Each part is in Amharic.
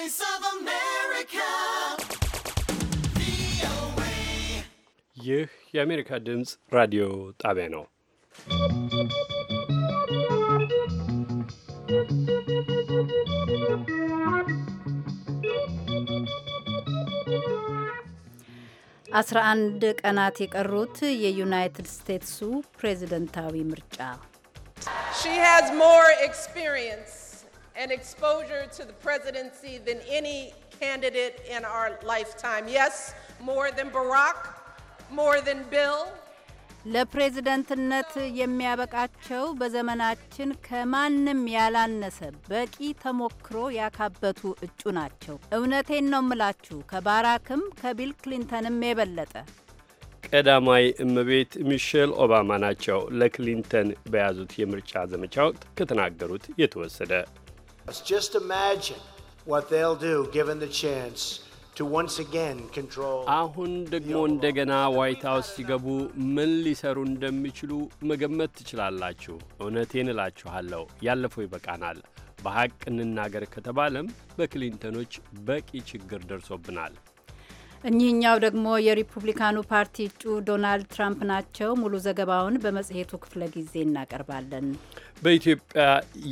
Voice of America. ይህ የአሜሪካ ድምፅ ራዲዮ ጣቢያ ነው። አስራ አንድ ቀናት የቀሩት የዩናይትድ ስቴትሱ ፕሬዝደንታዊ ምርጫ She has more experience. and exposure to the presidency than any candidate in our lifetime. Yes, more than Barack, more than Bill. ለፕሬዝደንትነት የሚያበቃቸው በዘመናችን ከማንም ያላነሰ በቂ ተሞክሮ ያካበቱ እጩ ናቸው። እውነቴን ነው ምላችሁ ከባራክም ከቢል ክሊንተንም የበለጠ። ቀዳማይ እመቤት ሚሼል ኦባማ ናቸው ለክሊንተን በያዙት የምርጫ ዘመቻ ወቅት ከተናገሩት የተወሰደ። አሁን ደግሞ እንደገና ዋይት ሀውስ ሲገቡ ምን ሊሰሩ እንደሚችሉ መገመት ትችላላችሁ። እውነቴን እላችኋለሁ፣ ያለፈው ይበቃናል። በሐቅ እንናገር ከተባለም በክሊንተኖች በቂ ችግር ደርሶብናል። እኚህኛው ደግሞ የሪፑብሊካኑ ፓርቲ እጩ ዶናልድ ትራምፕ ናቸው። ሙሉ ዘገባውን በመጽሔቱ ክፍለ ጊዜ እናቀርባለን። በኢትዮጵያ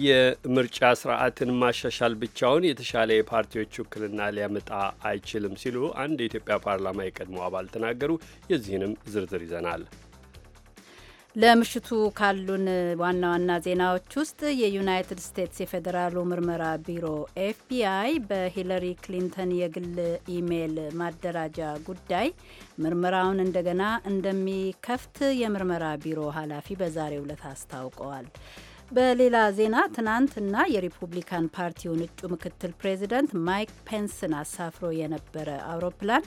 የምርጫ ስርዓትን ማሻሻል ብቻውን የተሻለ የፓርቲዎች ውክልና ሊያመጣ አይችልም ሲሉ አንድ የኢትዮጵያ ፓርላማ የቀድሞ አባል ተናገሩ። የዚህንም ዝርዝር ይዘናል። ለምሽቱ ካሉን ዋና ዋና ዜናዎች ውስጥ የዩናይትድ ስቴትስ የፌዴራሉ ምርመራ ቢሮ ኤፍቢአይ በሂለሪ ክሊንተን የግል ኢሜይል ማደራጃ ጉዳይ ምርመራውን እንደገና እንደሚከፍት የምርመራ ቢሮ ኃላፊ በዛሬው ዕለት አስታውቀዋል። በሌላ ዜና ትናንትና የሪፑብሊካን ፓርቲውን እጩ ምክትል ፕሬዚደንት ማይክ ፔንስን አሳፍሮ የነበረ አውሮፕላን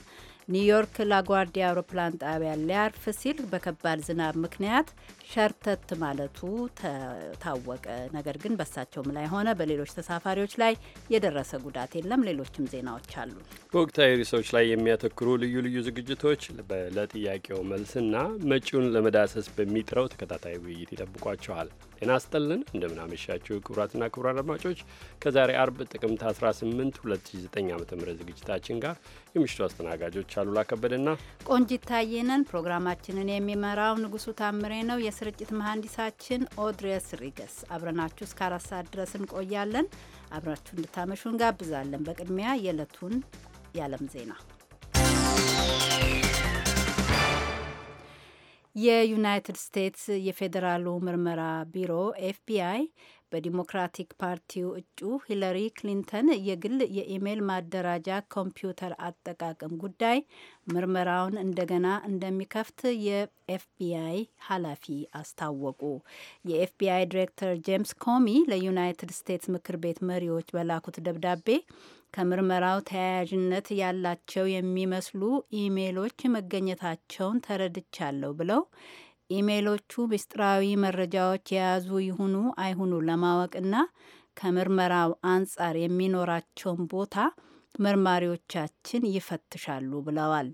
ኒውዮርክ ላጓርዲያ አውሮፕላን ጣቢያ ሊያርፍ ሲል በከባድ ዝናብ ምክንያት ሸርተት ማለቱ ታወቀ። ነገር ግን በሳቸውም ላይ ሆነ በሌሎች ተሳፋሪዎች ላይ የደረሰ ጉዳት የለም። ሌሎችም ዜናዎች አሉ። በወቅታዊ ርዕሶች ላይ የሚያተኩሩ ልዩ ልዩ ዝግጅቶች ለጥያቄው መልስና መጪውን ለመዳሰስ በሚጥረው ተከታታይ ውይይት ይጠብቋቸዋል። ጤና ስጠልን እንደምናመሻችሁ ክቡራትና ክቡራን አድማጮች ከዛሬ አርብ ጥቅምት 18 2009 ዓ ም ዝግጅታችን ጋር የምሽቱ አስተናጋጆች አሉላ ከበደና ቆንጂት ታየነን። ፕሮግራማችንን የሚመራው ንጉሱ ታምሬ ነው። የስርጭት መሐንዲሳችን ኦድሬስ ሪገስ። አብረናችሁ እስከ አራት ሰዓት ድረስ እንቆያለን። አብራችሁ እንድታመሹ እንጋብዛለን። በቅድሚያ የዕለቱን የዓለም ዜና የዩናይትድ ስቴትስ የፌዴራሉ ምርመራ ቢሮ ኤፍቢአይ በዲሞክራቲክ ፓርቲው እጩ ሂለሪ ክሊንተን የግል የኢሜል ማደራጃ ኮምፒውተር አጠቃቀም ጉዳይ ምርመራውን እንደገና እንደሚከፍት የኤፍቢአይ ኃላፊ አስታወቁ። የኤፍቢአይ ዲሬክተር ጄምስ ኮሚ ለዩናይትድ ስቴትስ ምክር ቤት መሪዎች በላኩት ደብዳቤ ከምርመራው ተያያዥነት ያላቸው የሚመስሉ ኢሜሎች መገኘታቸውን ተረድቻለሁ ብለው ኢሜሎቹ ምስጢራዊ መረጃዎች የያዙ ይሁኑ አይሁኑ ለማወቅና ከምርመራው አንጻር የሚኖራቸውን ቦታ መርማሪዎቻችን ይፈትሻሉ ብለዋል።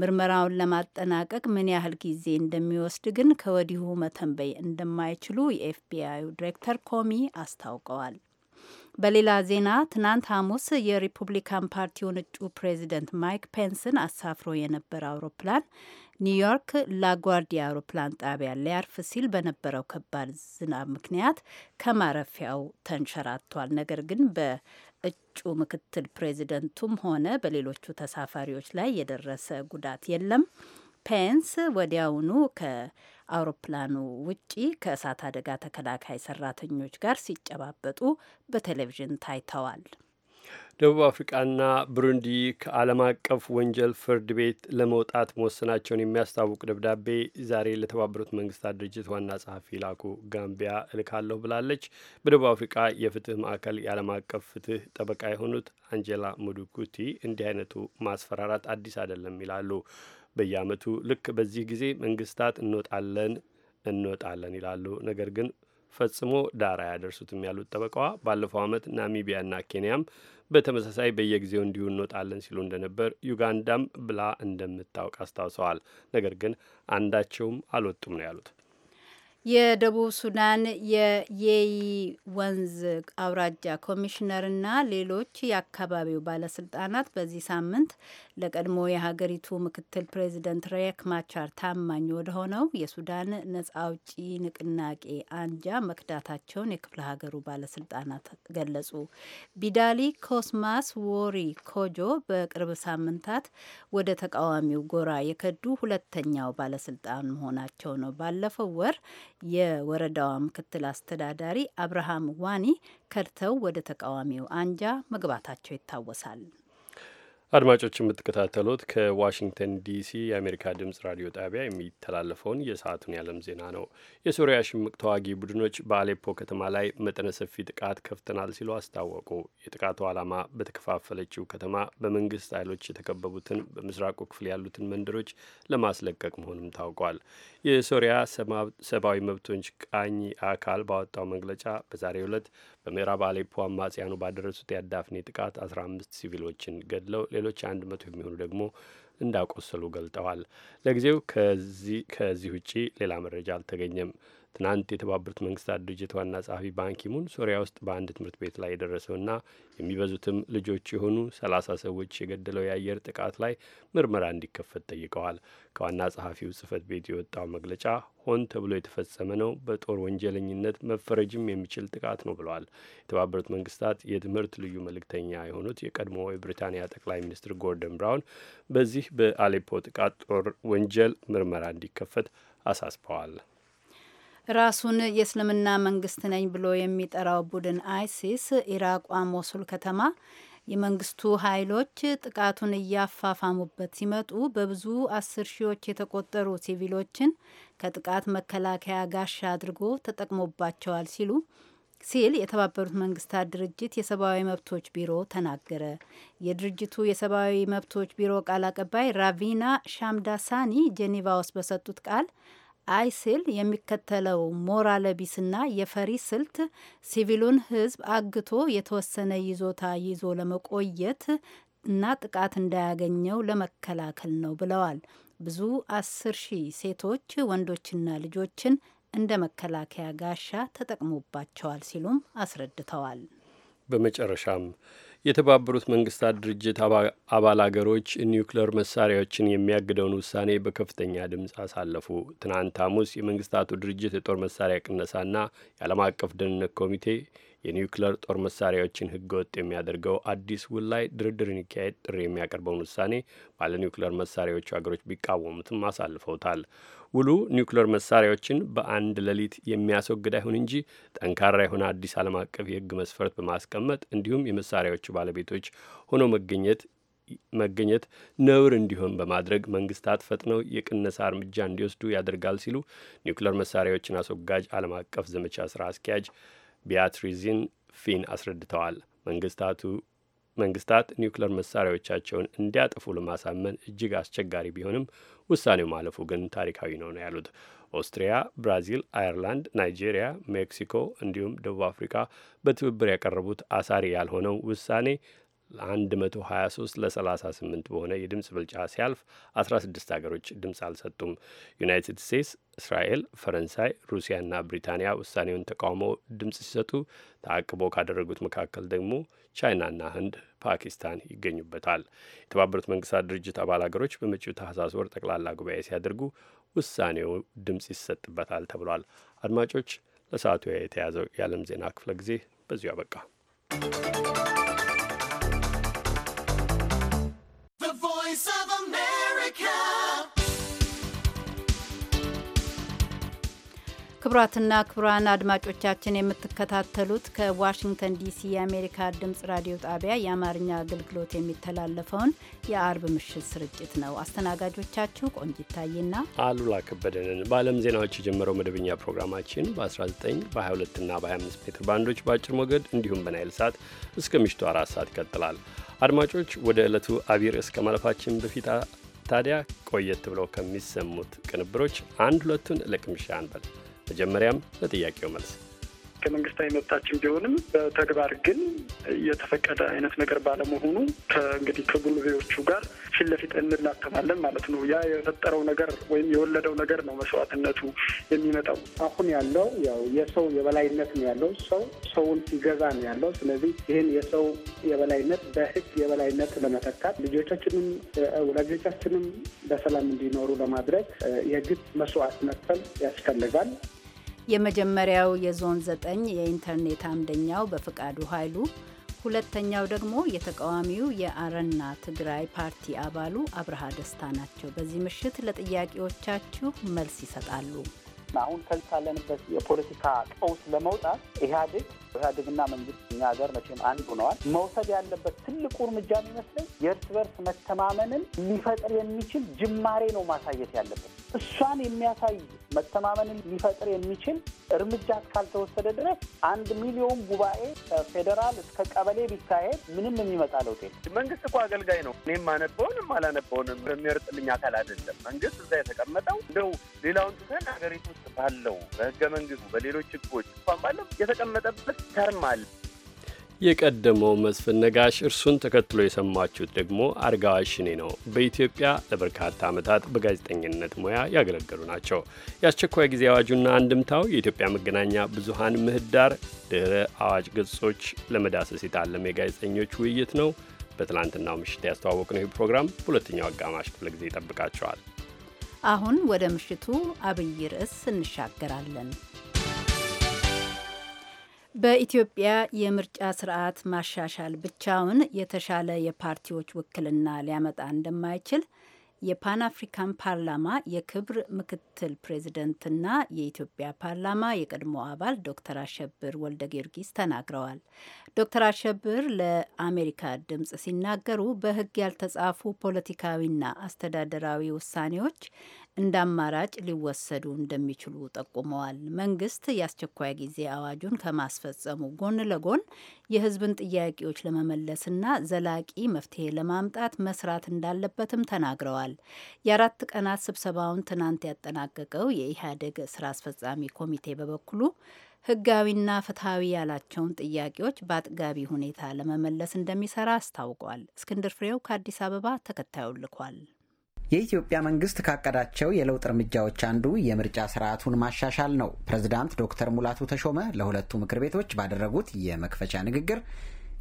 ምርመራውን ለማጠናቀቅ ምን ያህል ጊዜ እንደሚወስድ ግን ከወዲሁ መተንበይ እንደማይችሉ የኤፍቢአዩ ዲሬክተር ኮሚ አስታውቀዋል። በሌላ ዜና ትናንት ሐሙስ የሪፑብሊካን ፓርቲውን እጩ ፕሬዚደንት ማይክ ፔንስን አሳፍሮ የነበረ አውሮፕላን ኒውዮርክ ላጓርዲያ አውሮፕላን ጣቢያ ሊያርፍ ሲል በነበረው ከባድ ዝናብ ምክንያት ከማረፊያው ተንሸራቷል። ነገር ግን በእጩ ምክትል ፕሬዚደንቱም ሆነ በሌሎቹ ተሳፋሪዎች ላይ የደረሰ ጉዳት የለም። ፔንስ ወዲያውኑ ከአውሮፕላኑ ውጪ ከእሳት አደጋ ተከላካይ ሰራተኞች ጋር ሲጨባበጡ በቴሌቪዥን ታይተዋል። ደቡብ አፍሪቃና ብሩንዲ ከዓለም አቀፍ ወንጀል ፍርድ ቤት ለመውጣት መወሰናቸውን የሚያስታውቅ ደብዳቤ ዛሬ ለተባበሩት መንግስታት ድርጅት ዋና ጸሐፊ ላኩ ጋምቢያ እልካለሁ ብላለች። በደቡብ አፍሪቃ የፍትህ ማዕከል የዓለም አቀፍ ፍትህ ጠበቃ የሆኑት አንጀላ ሙዱኩቲ እንዲህ አይነቱ ማስፈራራት አዲስ አይደለም ይላሉ። በየአመቱ ልክ በዚህ ጊዜ መንግስታት እንወጣለን እንወጣለን ይላሉ ነገር ግን ፈጽሞ ዳር አያደርሱትም ያሉት ጠበቃዋ ባለፈው ዓመት ናሚቢያና ኬንያም በተመሳሳይ በየጊዜው እንዲሁ እንወጣለን ሲሉ እንደነበር ዩጋንዳም ብላ እንደምታውቅ አስታውሰዋል። ነገር ግን አንዳቸውም አልወጡም ነው ያሉት። የደቡብ ሱዳን የየይ ወንዝ አውራጃ ኮሚሽነርና ሌሎች የአካባቢው ባለስልጣናት በዚህ ሳምንት ለቀድሞ የሀገሪቱ ምክትል ፕሬዚደንት ሬክ ማቻር ታማኝ ወደሆነው የሱዳን ነጻ አውጪ ንቅናቄ አንጃ መክዳታቸውን የክፍለ ሀገሩ ባለስልጣናት ገለጹ። ቢዳሊ ኮስማስ ዎሪ ኮጆ በቅርብ ሳምንታት ወደ ተቃዋሚው ጎራ የከዱ ሁለተኛው ባለስልጣን መሆናቸው ነው። ባለፈው ወር የወረዳዋ ምክትል አስተዳዳሪ አብርሃም ዋኒ ከድተው ወደ ተቃዋሚው አንጃ መግባታቸው ይታወሳል። አድማጮች የምትከታተሉት ከዋሽንግተን ዲሲ የአሜሪካ ድምጽ ራዲዮ ጣቢያ የሚተላለፈውን የሰዓቱን የዓለም ዜና ነው። የሶሪያ ሽምቅ ተዋጊ ቡድኖች በአሌፖ ከተማ ላይ መጠነ ሰፊ ጥቃት ከፍተናል ሲሉ አስታወቁ። የጥቃቱ ዓላማ በተከፋፈለችው ከተማ በመንግስት ኃይሎች የተከበቡትን በምስራቁ ክፍል ያሉትን መንደሮች ለማስለቀቅ መሆኑም ታውቋል። የሶሪያ ሰብአዊ መብቶች ቃኝ አካል ባወጣው መግለጫ በዛሬው ዕለት በምዕራብ አሌፖ አማጽያኑ ባደረሱት የአዳፍኔ ጥቃት 15 ሲቪሎችን ገድለው ሌሎች 100 የሚሆኑ ደግሞ እንዳቆሰሉ ገልጠዋል። ለጊዜው ከዚህ ውጪ ሌላ መረጃ አልተገኘም። ትናንት የተባበሩት መንግስታት ድርጅት ዋና ጸሐፊ ባንኪሙን ሶሪያ ውስጥ በአንድ ትምህርት ቤት ላይ የደረሰውና የሚበዙትም ልጆች የሆኑ ሰላሳ ሰዎች የገደለው የአየር ጥቃት ላይ ምርመራ እንዲከፈት ጠይቀዋል። ከዋና ጸሐፊው ጽህፈት ቤት የወጣው መግለጫ ሆን ተብሎ የተፈጸመ ነው፣ በጦር ወንጀለኝነት መፈረጅም የሚችል ጥቃት ነው ብለዋል። የተባበሩት መንግስታት የትምህርት ልዩ መልእክተኛ የሆኑት የቀድሞ የብሪታንያ ጠቅላይ ሚኒስትር ጎርደን ብራውን በዚህ በአሌፖ ጥቃት ጦር ወንጀል ምርመራ እንዲከፈት አሳስበዋል። ራሱን የእስልምና መንግስት ነኝ ብሎ የሚጠራው ቡድን አይሲስ ኢራቋ ሞሱል ከተማ የመንግስቱ ኃይሎች ጥቃቱን እያፋፋሙበት ሲመጡ በብዙ አስር ሺዎች የተቆጠሩ ሲቪሎችን ከጥቃት መከላከያ ጋሻ አድርጎ ተጠቅሞባቸዋል ሲሉ ሲል የተባበሩት መንግስታት ድርጅት የሰብአዊ መብቶች ቢሮ ተናገረ። የድርጅቱ የሰብአዊ መብቶች ቢሮ ቃል አቀባይ ራቪና ሻምዳሳኒ ጄኔቫ ውስጥ በሰጡት ቃል አይሲል የሚከተለው ሞራለቢስና የፈሪ ስልት ሲቪሉን ሕዝብ አግቶ የተወሰነ ይዞታ ይዞ ለመቆየት እና ጥቃት እንዳያገኘው ለመከላከል ነው ብለዋል። ብዙ አስር ሺህ ሴቶች ወንዶችና ልጆችን እንደ መከላከያ ጋሻ ተጠቅሞባቸዋል ሲሉም አስረድተዋል። በመጨረሻም የተባበሩት መንግስታት ድርጅት አባል አገሮች ኒውክሌር መሳሪያዎችን የሚያግደውን ውሳኔ በከፍተኛ ድምፅ አሳለፉ። ትናንት ሐሙስ የመንግስታቱ ድርጅት የጦር መሳሪያ ቅነሳና የዓለም አቀፍ ደህንነት ኮሚቴ የኒውክሌር ጦር መሳሪያዎችን ወጥ የሚያደርገው አዲስ ውል ላይ ድርድር እንዲካሄድ ጥሪ የሚያቀርበውን ውሳኔ ባለ ኒውክሌር መሳሪያዎቹ አገሮች ቢቃወሙትም አሳልፈውታል። ውሉ ኒውክሌር መሳሪያዎችን በአንድ ሌሊት የሚያስወግድ አይሁን እንጂ ጠንካራ የሆነ አዲስ ዓለም አቀፍ የሕግ መስፈርት በማስቀመጥ እንዲሁም የመሳሪያዎቹ ባለቤቶች ሆኖ መገኘት መገኘት ነውር እንዲሆን በማድረግ መንግስታት ፈጥነው የቅነሳ እርምጃ እንዲወስዱ ያደርጋል ሲሉ ኒውክሌር መሳሪያዎችን አስወጋጅ ዓለም አቀፍ ዘመቻ ስራ አስኪያጅ ቢያትሪዚን ፊን አስረድተዋል። መንግስታቱ መንግስታት ኒውክሌር መሳሪያዎቻቸውን እንዲያጠፉ ለማሳመን እጅግ አስቸጋሪ ቢሆንም ውሳኔው ማለፉ ግን ታሪካዊ ነው ነው ያሉት። ኦስትሪያ፣ ብራዚል፣ አየርላንድ፣ ናይጄሪያ፣ ሜክሲኮ እንዲሁም ደቡብ አፍሪካ በትብብር ያቀረቡት አሳሪ ያልሆነው ውሳኔ 123 ለ38 በሆነ የድምፅ ብልጫ ሲያልፍ 16 ሀገሮች ድምፅ አልሰጡም። ዩናይትድ ስቴትስ፣ እስራኤል፣ ፈረንሳይ፣ ሩሲያና ብሪታንያ ውሳኔውን ተቃውሞ ድምፅ ሲሰጡ ተአቅቦ ካደረጉት መካከል ደግሞ ቻይናና ህንድ ፓኪስታን ይገኙበታል። የተባበሩት መንግስታት ድርጅት አባል ሀገሮች በመጪው ታህሳስ ወር ጠቅላላ ጉባኤ ሲያደርጉ ውሳኔው ድምፅ ይሰጥበታል ተብሏል። አድማጮች፣ ለሰዓቱ የተያዘው የዓለም ዜና ክፍለ ጊዜ በዚሁ አበቃ። ክቡራትና ክቡራን አድማጮቻችን የምትከታተሉት ከዋሽንግተን ዲሲ የአሜሪካ ድምጽ ራዲዮ ጣቢያ የአማርኛ አገልግሎት የሚተላለፈውን የአርብ ምሽት ስርጭት ነው። አስተናጋጆቻችሁ ቆንጂት ታዬና አሉላ ከበደንን በዓለም ዜናዎች የጀመረው መደበኛ ፕሮግራማችን በ19 በ22ና በ25 ሜትር ባንዶች በአጭር ሞገድ እንዲሁም በናይል ሰዓት እስከ ምሽቱ አራት ሰዓት ይቀጥላል። አድማጮች ወደ ዕለቱ አቢር እስከ ማለፋችን በፊት ታዲያ ቆየት ብለው ከሚሰሙት ቅንብሮች አንድ ሁለቱን ለቅምሻ አንበል። መጀመሪያም ለጥያቄው መልስ ከመንግስታዊ መብታችን ቢሆንም በተግባር ግን የተፈቀደ አይነት ነገር ባለመሆኑ ከእንግዲህ ከጉልቤዎቹ ጋር ፊት ለፊት እንላተማለን ማለት ነው። ያ የፈጠረው ነገር ወይም የወለደው ነገር ነው መስዋዕትነቱ የሚመጣው። አሁን ያለው ያው የሰው የበላይነት ነው ያለው። ሰው ሰውን ሲገዛ ነው ያለው። ስለዚህ ይህን የሰው የበላይነት በህግ የበላይነት ለመተካት ልጆቻችንም ወላጆቻችንም በሰላም እንዲኖሩ ለማድረግ የግድ መስዋዕት መክፈል ያስፈልጋል። የመጀመሪያው የዞን ዘጠኝ የኢንተርኔት አምደኛው በፍቃዱ ኃይሉ፣ ሁለተኛው ደግሞ የተቃዋሚው የአረና ትግራይ ፓርቲ አባሉ አብርሃ ደስታ ናቸው። በዚህ ምሽት ለጥያቄዎቻችሁ መልስ ይሰጣሉ። አሁን ከዚህ ካለንበት የፖለቲካ ቀውስ ለመውጣት ኢህአዴግ ኢህአዴግና መንግስት እኛ ሀገር መቼም አንድ ሆነዋል። መውሰድ ያለበት ትልቁ እርምጃ የሚመስለኝ የእርስ በርስ መተማመንን ሊፈጥር የሚችል ጅማሬ ነው ማሳየት ያለበት። እሷን የሚያሳይ መተማመንን ሊፈጥር የሚችል እርምጃ እስካልተወሰደ ድረስ አንድ ሚሊዮን ጉባኤ ከፌዴራል እስከ ቀበሌ ቢካሄድ ምንም የሚመጣ ለውጥ የለም። መንግስት እኮ አገልጋይ ነው። እኔም አነበውንም አላነበውንም የሚመርጥልኝ አካል አይደለም። መንግስት እዛ የተቀመጠው እንደው ሌላውን ትተን ሀገሪቱ ባለው በህገ መንግስቱ በሌሎች ህጎች እንኳን ባለው የተቀመጠበት ተርም አለ። የቀደመው መስፍን ነጋሽ፣ እርሱን ተከትሎ የሰማችሁት ደግሞ አርጋዋ ሽኔ ነው። በኢትዮጵያ ለበርካታ ዓመታት በጋዜጠኝነት ሙያ ያገለገሉ ናቸው። የአስቸኳይ ጊዜ አዋጁና አንድምታው የኢትዮጵያ መገናኛ ብዙሀን ምህዳር ድህረ አዋጅ ገጾች ለመዳሰስ የታለመ የጋዜጠኞች ውይይት ነው። በትላንትናው ምሽት ያስተዋወቅ ነው። ይህ ፕሮግራም በሁለተኛው አጋማሽ ክፍለ ጊዜ ይጠብቃቸዋል። አሁን ወደ ምሽቱ አብይ ርዕስ እንሻገራለን። በኢትዮጵያ የምርጫ ስርዓት ማሻሻል ብቻውን የተሻለ የፓርቲዎች ውክልና ሊያመጣ እንደማይችል የፓን አፍሪካን ፓርላማ የክብር ምክትል ፕሬዝደንትና የኢትዮጵያ ፓርላማ የቀድሞ አባል ዶክተር አሸብር ወልደ ጊዮርጊስ ተናግረዋል። ዶክተር አሸብር ለአሜሪካ ድምጽ ሲናገሩ በሕግ ያልተጻፉ ፖለቲካዊና አስተዳደራዊ ውሳኔዎች እንደ አማራጭ ሊወሰዱ እንደሚችሉ ጠቁመዋል። መንግስት የአስቸኳይ ጊዜ አዋጁን ከማስፈጸሙ ጎን ለጎን የህዝብን ጥያቄዎች ለመመለስና ዘላቂ መፍትሄ ለማምጣት መስራት እንዳለበትም ተናግረዋል። የአራት ቀናት ስብሰባውን ትናንት ያጠናቀቀው የኢህአዴግ ስራ አስፈጻሚ ኮሚቴ በበኩሉ ህጋዊና ፍትሐዊ ያላቸውን ጥያቄዎች በአጥጋቢ ሁኔታ ለመመለስ እንደሚሰራ አስታውቋል። እስክንድር ፍሬው ከአዲስ አበባ ተከታዩን ልኳል። የኢትዮጵያ መንግስት ካቀዳቸው የለውጥ እርምጃዎች አንዱ የምርጫ ስርዓቱን ማሻሻል ነው። ፕሬዝዳንት ዶክተር ሙላቱ ተሾመ ለሁለቱ ምክር ቤቶች ባደረጉት የመክፈቻ ንግግር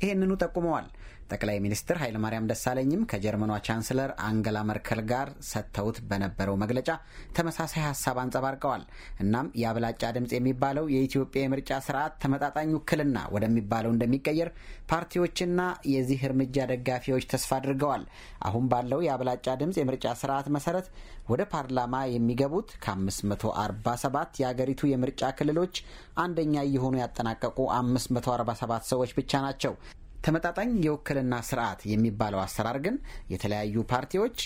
ይህንኑ ጠቁመዋል። ጠቅላይ ሚኒስትር ኃይለማርያም ደሳለኝም ከጀርመኗ ቻንስለር አንገላ መርከል ጋር ሰጥተውት በነበረው መግለጫ ተመሳሳይ ሀሳብ አንጸባርቀዋል። እናም የአብላጫ ድምፅ የሚባለው የኢትዮጵያ የምርጫ ስርዓት ተመጣጣኝ ውክልና ወደሚባለው እንደሚቀየር ፓርቲዎችና የዚህ እርምጃ ደጋፊዎች ተስፋ አድርገዋል። አሁን ባለው የአብላጫ ድምፅ የምርጫ ስርዓት መሰረት ወደ ፓርላማ የሚገቡት ከ547 የአገሪቱ የምርጫ ክልሎች አንደኛ እየሆኑ ያጠናቀቁ 547 ሰዎች ብቻ ናቸው። ተመጣጣኝ የውክልና ስርዓት የሚባለው አሰራር ግን የተለያዩ ፓርቲዎች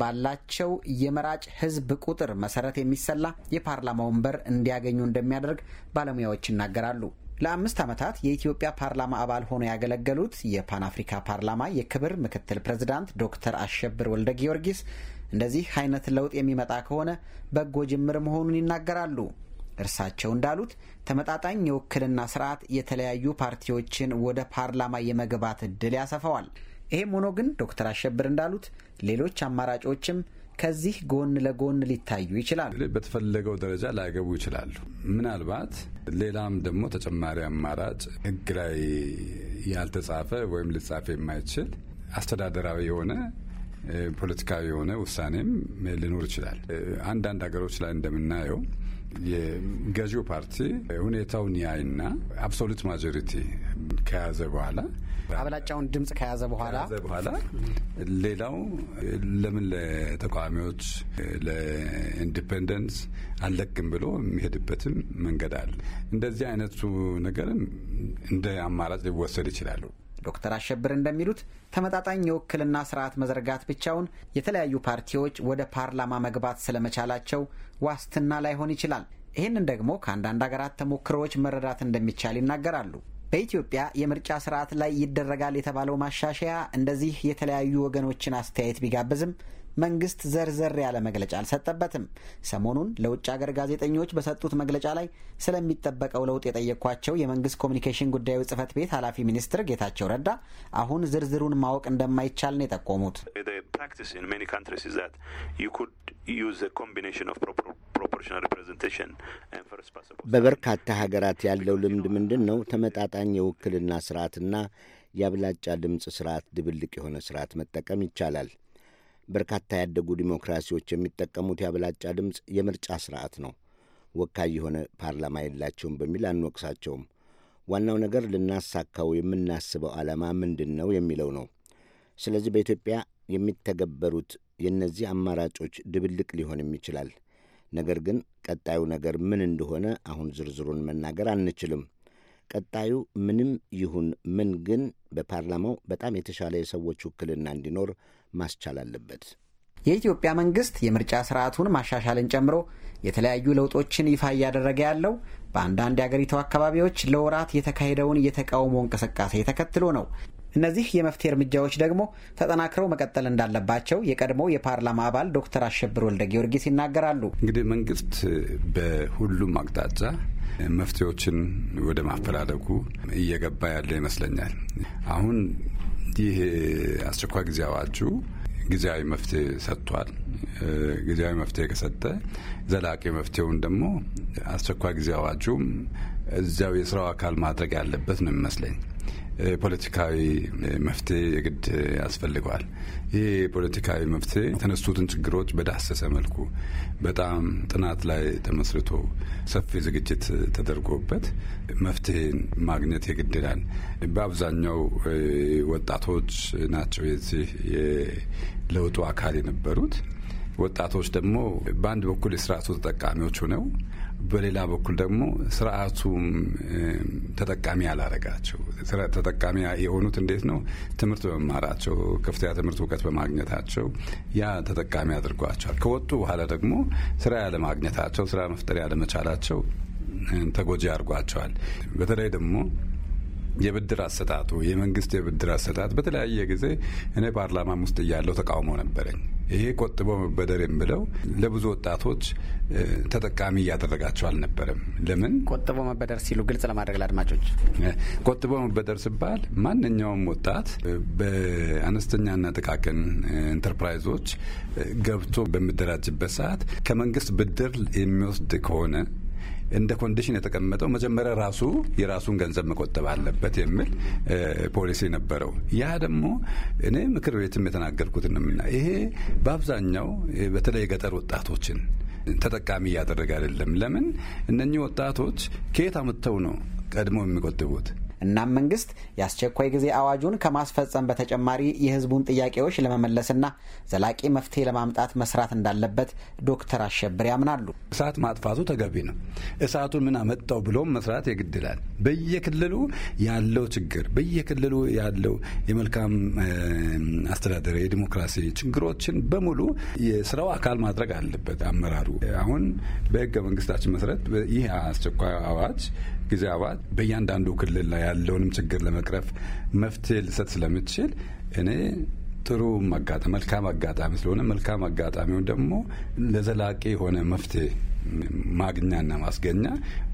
ባላቸው የመራጭ ህዝብ ቁጥር መሰረት የሚሰላ የፓርላማ ወንበር እንዲያገኙ እንደሚያደርግ ባለሙያዎች ይናገራሉ። ለአምስት ዓመታት የኢትዮጵያ ፓርላማ አባል ሆነው ያገለገሉት የፓን አፍሪካ ፓርላማ የክብር ምክትል ፕሬዝዳንት ዶክተር አሸብር ወልደ ጊዮርጊስ እንደዚህ አይነት ለውጥ የሚመጣ ከሆነ በጎ ጅምር መሆኑን ይናገራሉ። እርሳቸው እንዳሉት ተመጣጣኝ የውክልና ስርዓት የተለያዩ ፓርቲዎችን ወደ ፓርላማ የመግባት እድል ያሰፈዋል። ይሄም ሆኖ ግን ዶክተር አሸብር እንዳሉት ሌሎች አማራጮችም ከዚህ ጎን ለጎን ሊታዩ ይችላሉ። በተፈለገው ደረጃ ላያገቡ ይችላሉ። ምናልባት ሌላም ደግሞ ተጨማሪ አማራጭ ሕግ ላይ ያልተጻፈ ወይም ሊጻፍ የማይችል አስተዳደራዊ የሆነ ፖለቲካዊ የሆነ ውሳኔም ሊኖር ይችላል። አንዳንድ ሀገሮች ላይ እንደምናየው የገዢው ፓርቲ ሁኔታውን ያይና አብሶሉት ማጆሪቲ ከያዘ በኋላ አብላጫውን ድምጽ ከያዘ በኋላ በኋላ ሌላው ለምን ለተቃዋሚዎች ለኢንዲፔንደንስ አለቅም ብሎ የሚሄድበትም መንገድ አለ። እንደዚህ አይነቱ ነገርም እንደ አማራጭ ሊወሰድ ይችላሉ። ዶክተር አሸብር እንደሚሉት ተመጣጣኝ የውክልና ስርዓት መዘርጋት ብቻውን የተለያዩ ፓርቲዎች ወደ ፓርላማ መግባት ስለመቻላቸው ዋስትና ላይሆን ይችላል። ይህንን ደግሞ ከአንዳንድ ሀገራት ተሞክሮዎች መረዳት እንደሚቻል ይናገራሉ። በኢትዮጵያ የምርጫ ስርዓት ላይ ይደረጋል የተባለው ማሻሻያ እንደዚህ የተለያዩ ወገኖችን አስተያየት ቢጋብዝም መንግስት ዘርዘር ያለ መግለጫ አልሰጠበትም። ሰሞኑን ለውጭ ሀገር ጋዜጠኞች በሰጡት መግለጫ ላይ ስለሚጠበቀው ለውጥ የጠየኳቸው የመንግስት ኮሚኒኬሽን ጉዳዩ ጽህፈት ቤት ኃላፊ ሚኒስትር ጌታቸው ረዳ አሁን ዝርዝሩን ማወቅ እንደማይቻል ነው የጠቆሙት። በበርካታ ሀገራት ያለው ልምድ ምንድን ነው? ተመጣጣኝ የውክልና ስርዓትና የአብላጫ ድምፅ ስርዓት ድብልቅ የሆነ ስርዓት መጠቀም ይቻላል። በርካታ ያደጉ ዲሞክራሲዎች የሚጠቀሙት የአብላጫ ድምፅ የምርጫ ስርዓት ነው። ወካይ የሆነ ፓርላማ የላቸውም በሚል አንወቅሳቸውም። ዋናው ነገር ልናሳካው የምናስበው ዓላማ ምንድን ነው የሚለው ነው። ስለዚህ በኢትዮጵያ የሚተገበሩት የእነዚህ አማራጮች ድብልቅ ሊሆንም ይችላል። ነገር ግን ቀጣዩ ነገር ምን እንደሆነ አሁን ዝርዝሩን መናገር አንችልም። ቀጣዩ ምንም ይሁን ምን ግን በፓርላማው በጣም የተሻለ የሰዎች ውክልና እንዲኖር ማስቻል አለበት። የኢትዮጵያ መንግስት የምርጫ ስርዓቱን ማሻሻልን ጨምሮ የተለያዩ ለውጦችን ይፋ እያደረገ ያለው በአንዳንድ የአገሪቱ አካባቢዎች ለወራት የተካሄደውን የተቃውሞ እንቅስቃሴ ተከትሎ ነው። እነዚህ የመፍትሄ እርምጃዎች ደግሞ ተጠናክረው መቀጠል እንዳለባቸው የቀድሞ የፓርላማ አባል ዶክተር አሸብር ወልደ ጊዮርጊስ ይናገራሉ። እንግዲህ መንግስት በሁሉም አቅጣጫ መፍትሄዎችን ወደ ማፈላለጉ እየገባ ያለ ይመስለኛል። አሁን ይህ አስቸኳይ ጊዜ አዋጁ ጊዜያዊ መፍትሄ ሰጥቷል። ጊዜያዊ መፍትሄ ከሰጠ ዘላቂ መፍትሄውን ደግሞ አስቸኳይ ጊዜ አዋጁም እዚያው የስራው አካል ማድረግ ያለበት ነው የሚመስለኝ። ፖለቲካዊ መፍትሄ የግድ ያስፈልገዋል። ይህ ፖለቲካዊ መፍትሄ የተነሱትን ችግሮች በዳሰሰ መልኩ በጣም ጥናት ላይ ተመስርቶ ሰፊ ዝግጅት ተደርጎበት መፍትሄን ማግኘት የግድ በአብዛኛው ወጣቶች ናቸው የዚህ የለውጡ አካል የነበሩት። ወጣቶች ደግሞ በአንድ በኩል የስርዓቱ ተጠቃሚዎች ሆነው በሌላ በኩል ደግሞ ስርዓቱ ተጠቃሚ ያላረጋቸው ተጠቃሚ የሆኑት እንዴት ነው? ትምህርት በመማራቸው ከፍተኛ ትምህርት እውቀት በማግኘታቸው ያ ተጠቃሚ አድርጓቸዋል። ከወጡ በኋላ ደግሞ ስራ ያለማግኘታቸው ስራ መፍጠር ያለመቻላቸው ተጎጂ አድርጓቸዋል። በተለይ ደግሞ የብድር አሰጣጡ የመንግስት የብድር አሰጣጥ በተለያየ ጊዜ እኔ ፓርላማም ውስጥ እያለው ተቃውሞ ነበረኝ። ይሄ ቆጥቦ መበደር የምለው ለብዙ ወጣቶች ተጠቃሚ እያደረጋቸው አልነበረም። ለምን ቆጥቦ መበደር ሲሉ ግልጽ ለማድረግ ለአድማጮች፣ ቆጥቦ መበደር ሲባል ማንኛውም ወጣት በአነስተኛና ጥቃቅን ኢንተርፕራይዞች ገብቶ በሚደራጅበት ሰዓት ከመንግስት ብድር የሚወስድ ከሆነ እንደ ኮንዲሽን የተቀመጠው መጀመሪያ ራሱ የራሱን ገንዘብ መቆጠብ አለበት የሚል ፖሊሲ ነበረው። ያ ደግሞ እኔ ምክር ቤትም የተናገርኩት ምና ይሄ በአብዛኛው በተለይ የገጠር ወጣቶችን ተጠቃሚ እያደረገ አይደለም። ለምን እነኚህ ወጣቶች ከየት አምጥተው ነው ቀድሞ የሚቆጥቡት? እናም መንግስት የአስቸኳይ ጊዜ አዋጁን ከማስፈጸም በተጨማሪ የህዝቡን ጥያቄዎች ለመመለስና ዘላቂ መፍትሄ ለማምጣት መስራት እንዳለበት ዶክተር አሸብር ያምናሉ። እሳት ማጥፋቱ ተገቢ ነው። እሳቱን ምን አመጣው ብሎም መስራት የግድላል። በየክልሉ ያለው ችግር በየክልሉ ያለው የመልካም አስተዳደር የዲሞክራሲ ችግሮችን በሙሉ የስራው አካል ማድረግ አለበት አመራሩ። አሁን በህገ መንግስታችን መሰረት ይህ አስቸኳይ አዋጅ ጊዜ አባል በእያንዳንዱ ክልል ላይ ያለውንም ችግር ለመቅረፍ መፍትሄ ልሰጥ ስለምችል እኔ ጥሩ አጋጣሚ መልካም አጋጣሚ ስለሆነ መልካም አጋጣሚውን ደግሞ ለዘላቂ የሆነ መፍትሄ ማግኛና ማስገኛ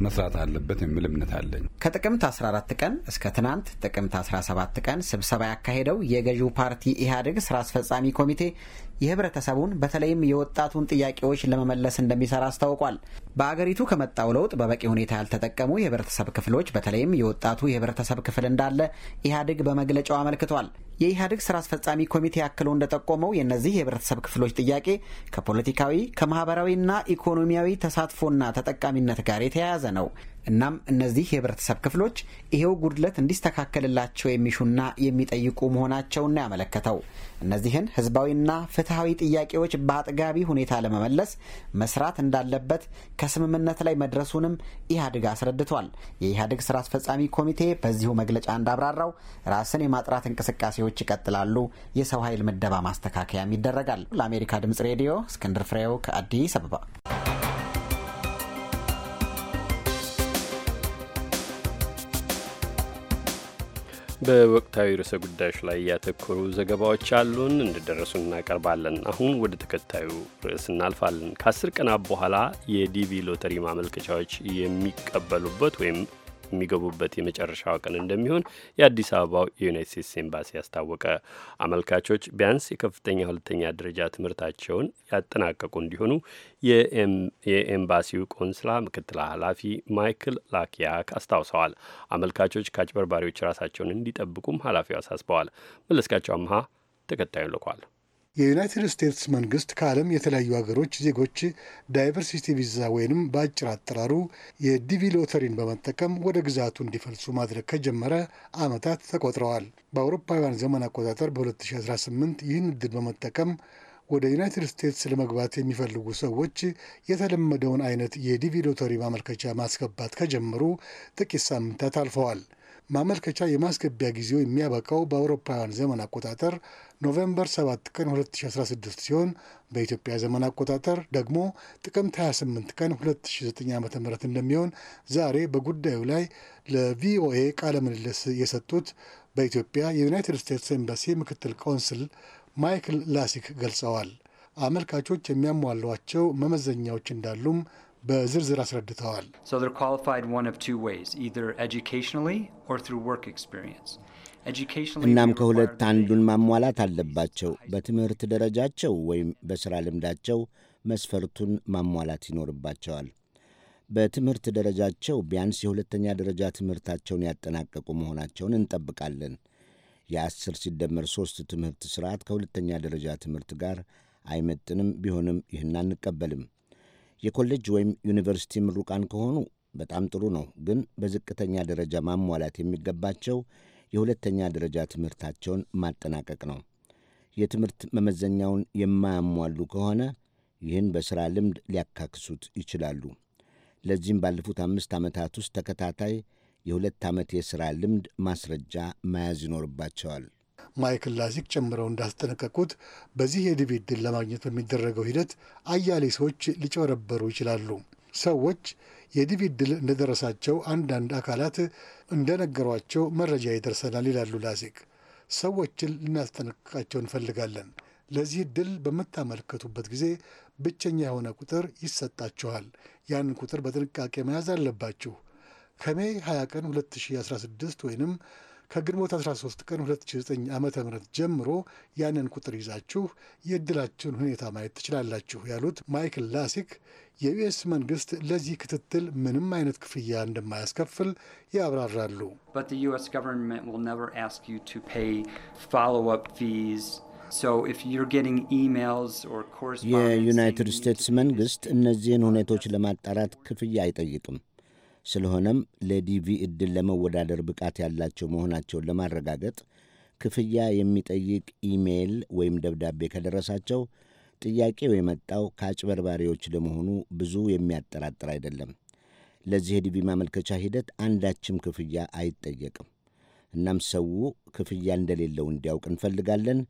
መስራት አለበት የሚል እምነት አለኝ። ከጥቅምት 14 ቀን እስከ ትናንት ጥቅምት 17 ቀን ስብሰባ ያካሄደው የገዢው ፓርቲ ኢህአዴግ ስራ አስፈጻሚ ኮሚቴ የህብረተሰቡን በተለይም የወጣቱን ጥያቄዎች ለመመለስ እንደሚሰራ አስታውቋል። በአገሪቱ ከመጣው ለውጥ በበቂ ሁኔታ ያልተጠቀሙ የህብረተሰብ ክፍሎች በተለይም የወጣቱ የህብረተሰብ ክፍል እንዳለ ኢህአዴግ በመግለጫው አመልክቷል። የኢህአዴግ ስራ አስፈጻሚ ኮሚቴ አክሎ እንደጠቆመው የእነዚህ የህብረተሰብ ክፍሎች ጥያቄ ከፖለቲካዊ ከማህበራዊና ኢኮኖሚያዊ ተሳትፎና ተጠቃሚነት ጋር የተያያዘ ነው። እናም እነዚህ የህብረተሰብ ክፍሎች ይሄው ጉድለት እንዲስተካከልላቸው የሚሹና የሚጠይቁ መሆናቸውን ያመለከተው እነዚህን ህዝባዊና ፍትሐዊ ጥያቄዎች በአጥጋቢ ሁኔታ ለመመለስ መስራት እንዳለበት ከስምምነት ላይ መድረሱንም ኢህአዴግ አስረድቷል። የኢህአዴግ ስራ አስፈጻሚ ኮሚቴ በዚሁ መግለጫ እንዳብራራው ራስን የማጥራት እንቅስቃሴዎች ይቀጥላሉ፣ የሰው ኃይል ምደባ ማስተካከያም ይደረጋል። ለአሜሪካ ድምጽ ሬዲዮ እስክንድር ፍሬው ከአዲስ አበባ በወቅታዊ ርዕሰ ጉዳዮች ላይ ያተኮሩ ዘገባዎች አሉን፣ እንደደረሱ እናቀርባለን። አሁን ወደ ተከታዩ ርዕስ እናልፋለን። ከአስር ቀናት በኋላ የዲቪ ሎተሪ ማመልከቻዎች የሚቀበሉበት ወይም የሚገቡበት የመጨረሻው ቀን እንደሚሆን የአዲስ አበባው የዩናይት ስቴትስ ኤምባሲ አስታወቀ። አመልካቾች ቢያንስ የከፍተኛ ሁለተኛ ደረጃ ትምህርታቸውን ያጠናቀቁ እንዲሆኑ የኤምባሲው ቆንስላ ምክትል ኃላፊ ማይክል ላኪያክ አስታውሰዋል። አመልካቾች ከአጭበርባሪዎች ራሳቸውን እንዲጠብቁም ኃላፊው አሳስበዋል። መለስካቸው አምሃ ተከታዩን ልኳል። የዩናይትድ ስቴትስ መንግስት ከዓለም የተለያዩ ሀገሮች ዜጎች ዳይቨርሲቲ ቪዛ ወይንም በአጭር አጠራሩ የዲቪ ሎተሪን በመጠቀም ወደ ግዛቱ እንዲፈልሱ ማድረግ ከጀመረ ዓመታት ተቆጥረዋል። በአውሮፓውያን ዘመን አቆጣጠር በ2018 ይህን እድል በመጠቀም ወደ ዩናይትድ ስቴትስ ለመግባት የሚፈልጉ ሰዎች የተለመደውን አይነት የዲቪ ሎተሪ ማመልከቻ ማስገባት ከጀመሩ ጥቂት ሳምንታት አልፈዋል። ማመልከቻ የማስገቢያ ጊዜው የሚያበቃው በአውሮፓውያን ዘመን አቆጣጠር ኖቬምበር 7 ቀን 2016 ሲሆን በኢትዮጵያ ዘመን አቆጣጠር ደግሞ ጥቅምት 28 ቀን 2009 ዓ ም እንደሚሆን ዛሬ በጉዳዩ ላይ ለቪኦኤ ቃለ ምልልስ የሰጡት በኢትዮጵያ የዩናይትድ ስቴትስ ኤምባሲ ምክትል ቆንስል ማይክል ላሲክ ገልጸዋል። አመልካቾች የሚያሟሏቸው መመዘኛዎች እንዳሉም በዝርዝር አስረድተዋል። እናም ከሁለት አንዱን ማሟላት አለባቸው። በትምህርት ደረጃቸው ወይም በሥራ ልምዳቸው መስፈርቱን ማሟላት ይኖርባቸዋል። በትምህርት ደረጃቸው ቢያንስ የሁለተኛ ደረጃ ትምህርታቸውን ያጠናቀቁ መሆናቸውን እንጠብቃለን። የአስር ሲደመር ሦስት ትምህርት ሥርዓት ከሁለተኛ ደረጃ ትምህርት ጋር አይመጥንም። ቢሆንም ይህን አንቀበልም። የኮሌጅ ወይም ዩኒቨርሲቲ ምሩቃን ከሆኑ በጣም ጥሩ ነው። ግን በዝቅተኛ ደረጃ ማሟላት የሚገባቸው የሁለተኛ ደረጃ ትምህርታቸውን ማጠናቀቅ ነው። የትምህርት መመዘኛውን የማያሟሉ ከሆነ ይህን በሥራ ልምድ ሊያካክሱት ይችላሉ። ለዚህም ባለፉት አምስት ዓመታት ውስጥ ተከታታይ የሁለት ዓመት የሥራ ልምድ ማስረጃ መያዝ ይኖርባቸዋል። ማይክል ላዚክ ጨምረው እንዳስጠነቀቁት በዚህ የዲቪድ ድል ለማግኘት በሚደረገው ሂደት አያሌ ሰዎች ሊጨበረበሩ ይችላሉ። ሰዎች የዲቪድ ድል እንደደረሳቸው አንዳንድ አካላት እንደነገሯቸው መረጃ ይደርሰናል ይላሉ ላዚክ። ሰዎችን ልናስጠነቅቃቸው እንፈልጋለን። ለዚህ ድል በምታመለከቱበት ጊዜ ብቸኛ የሆነ ቁጥር ይሰጣችኋል። ያንን ቁጥር በጥንቃቄ መያዝ አለባችሁ። ከሜይ 20 ቀን 2016 ወይንም ከግንቦት 13 ቀን 2009 ዓ ም ጀምሮ ያንን ቁጥር ይዛችሁ የእድላችሁን ሁኔታ ማየት ትችላላችሁ ያሉት ማይክል ላሲክ የዩኤስ መንግስት ለዚህ ክትትል ምንም አይነት ክፍያ እንደማያስከፍል ያብራራሉ። የዩናይትድ ስቴትስ መንግስት እነዚህን ሁኔቶች ለማጣራት ክፍያ አይጠይቅም። ስለሆነም ለዲቪ ዕድል ለመወዳደር ብቃት ያላቸው መሆናቸውን ለማረጋገጥ ክፍያ የሚጠይቅ ኢሜይል ወይም ደብዳቤ ከደረሳቸው ጥያቄው የመጣው ከአጭበርባሪዎች ለመሆኑ ብዙ የሚያጠራጥር አይደለም። ለዚህ የዲቪ ማመልከቻ ሂደት አንዳችም ክፍያ አይጠየቅም። እናም ሰው ክፍያ እንደሌለው እንዲያውቅ እንፈልጋለን።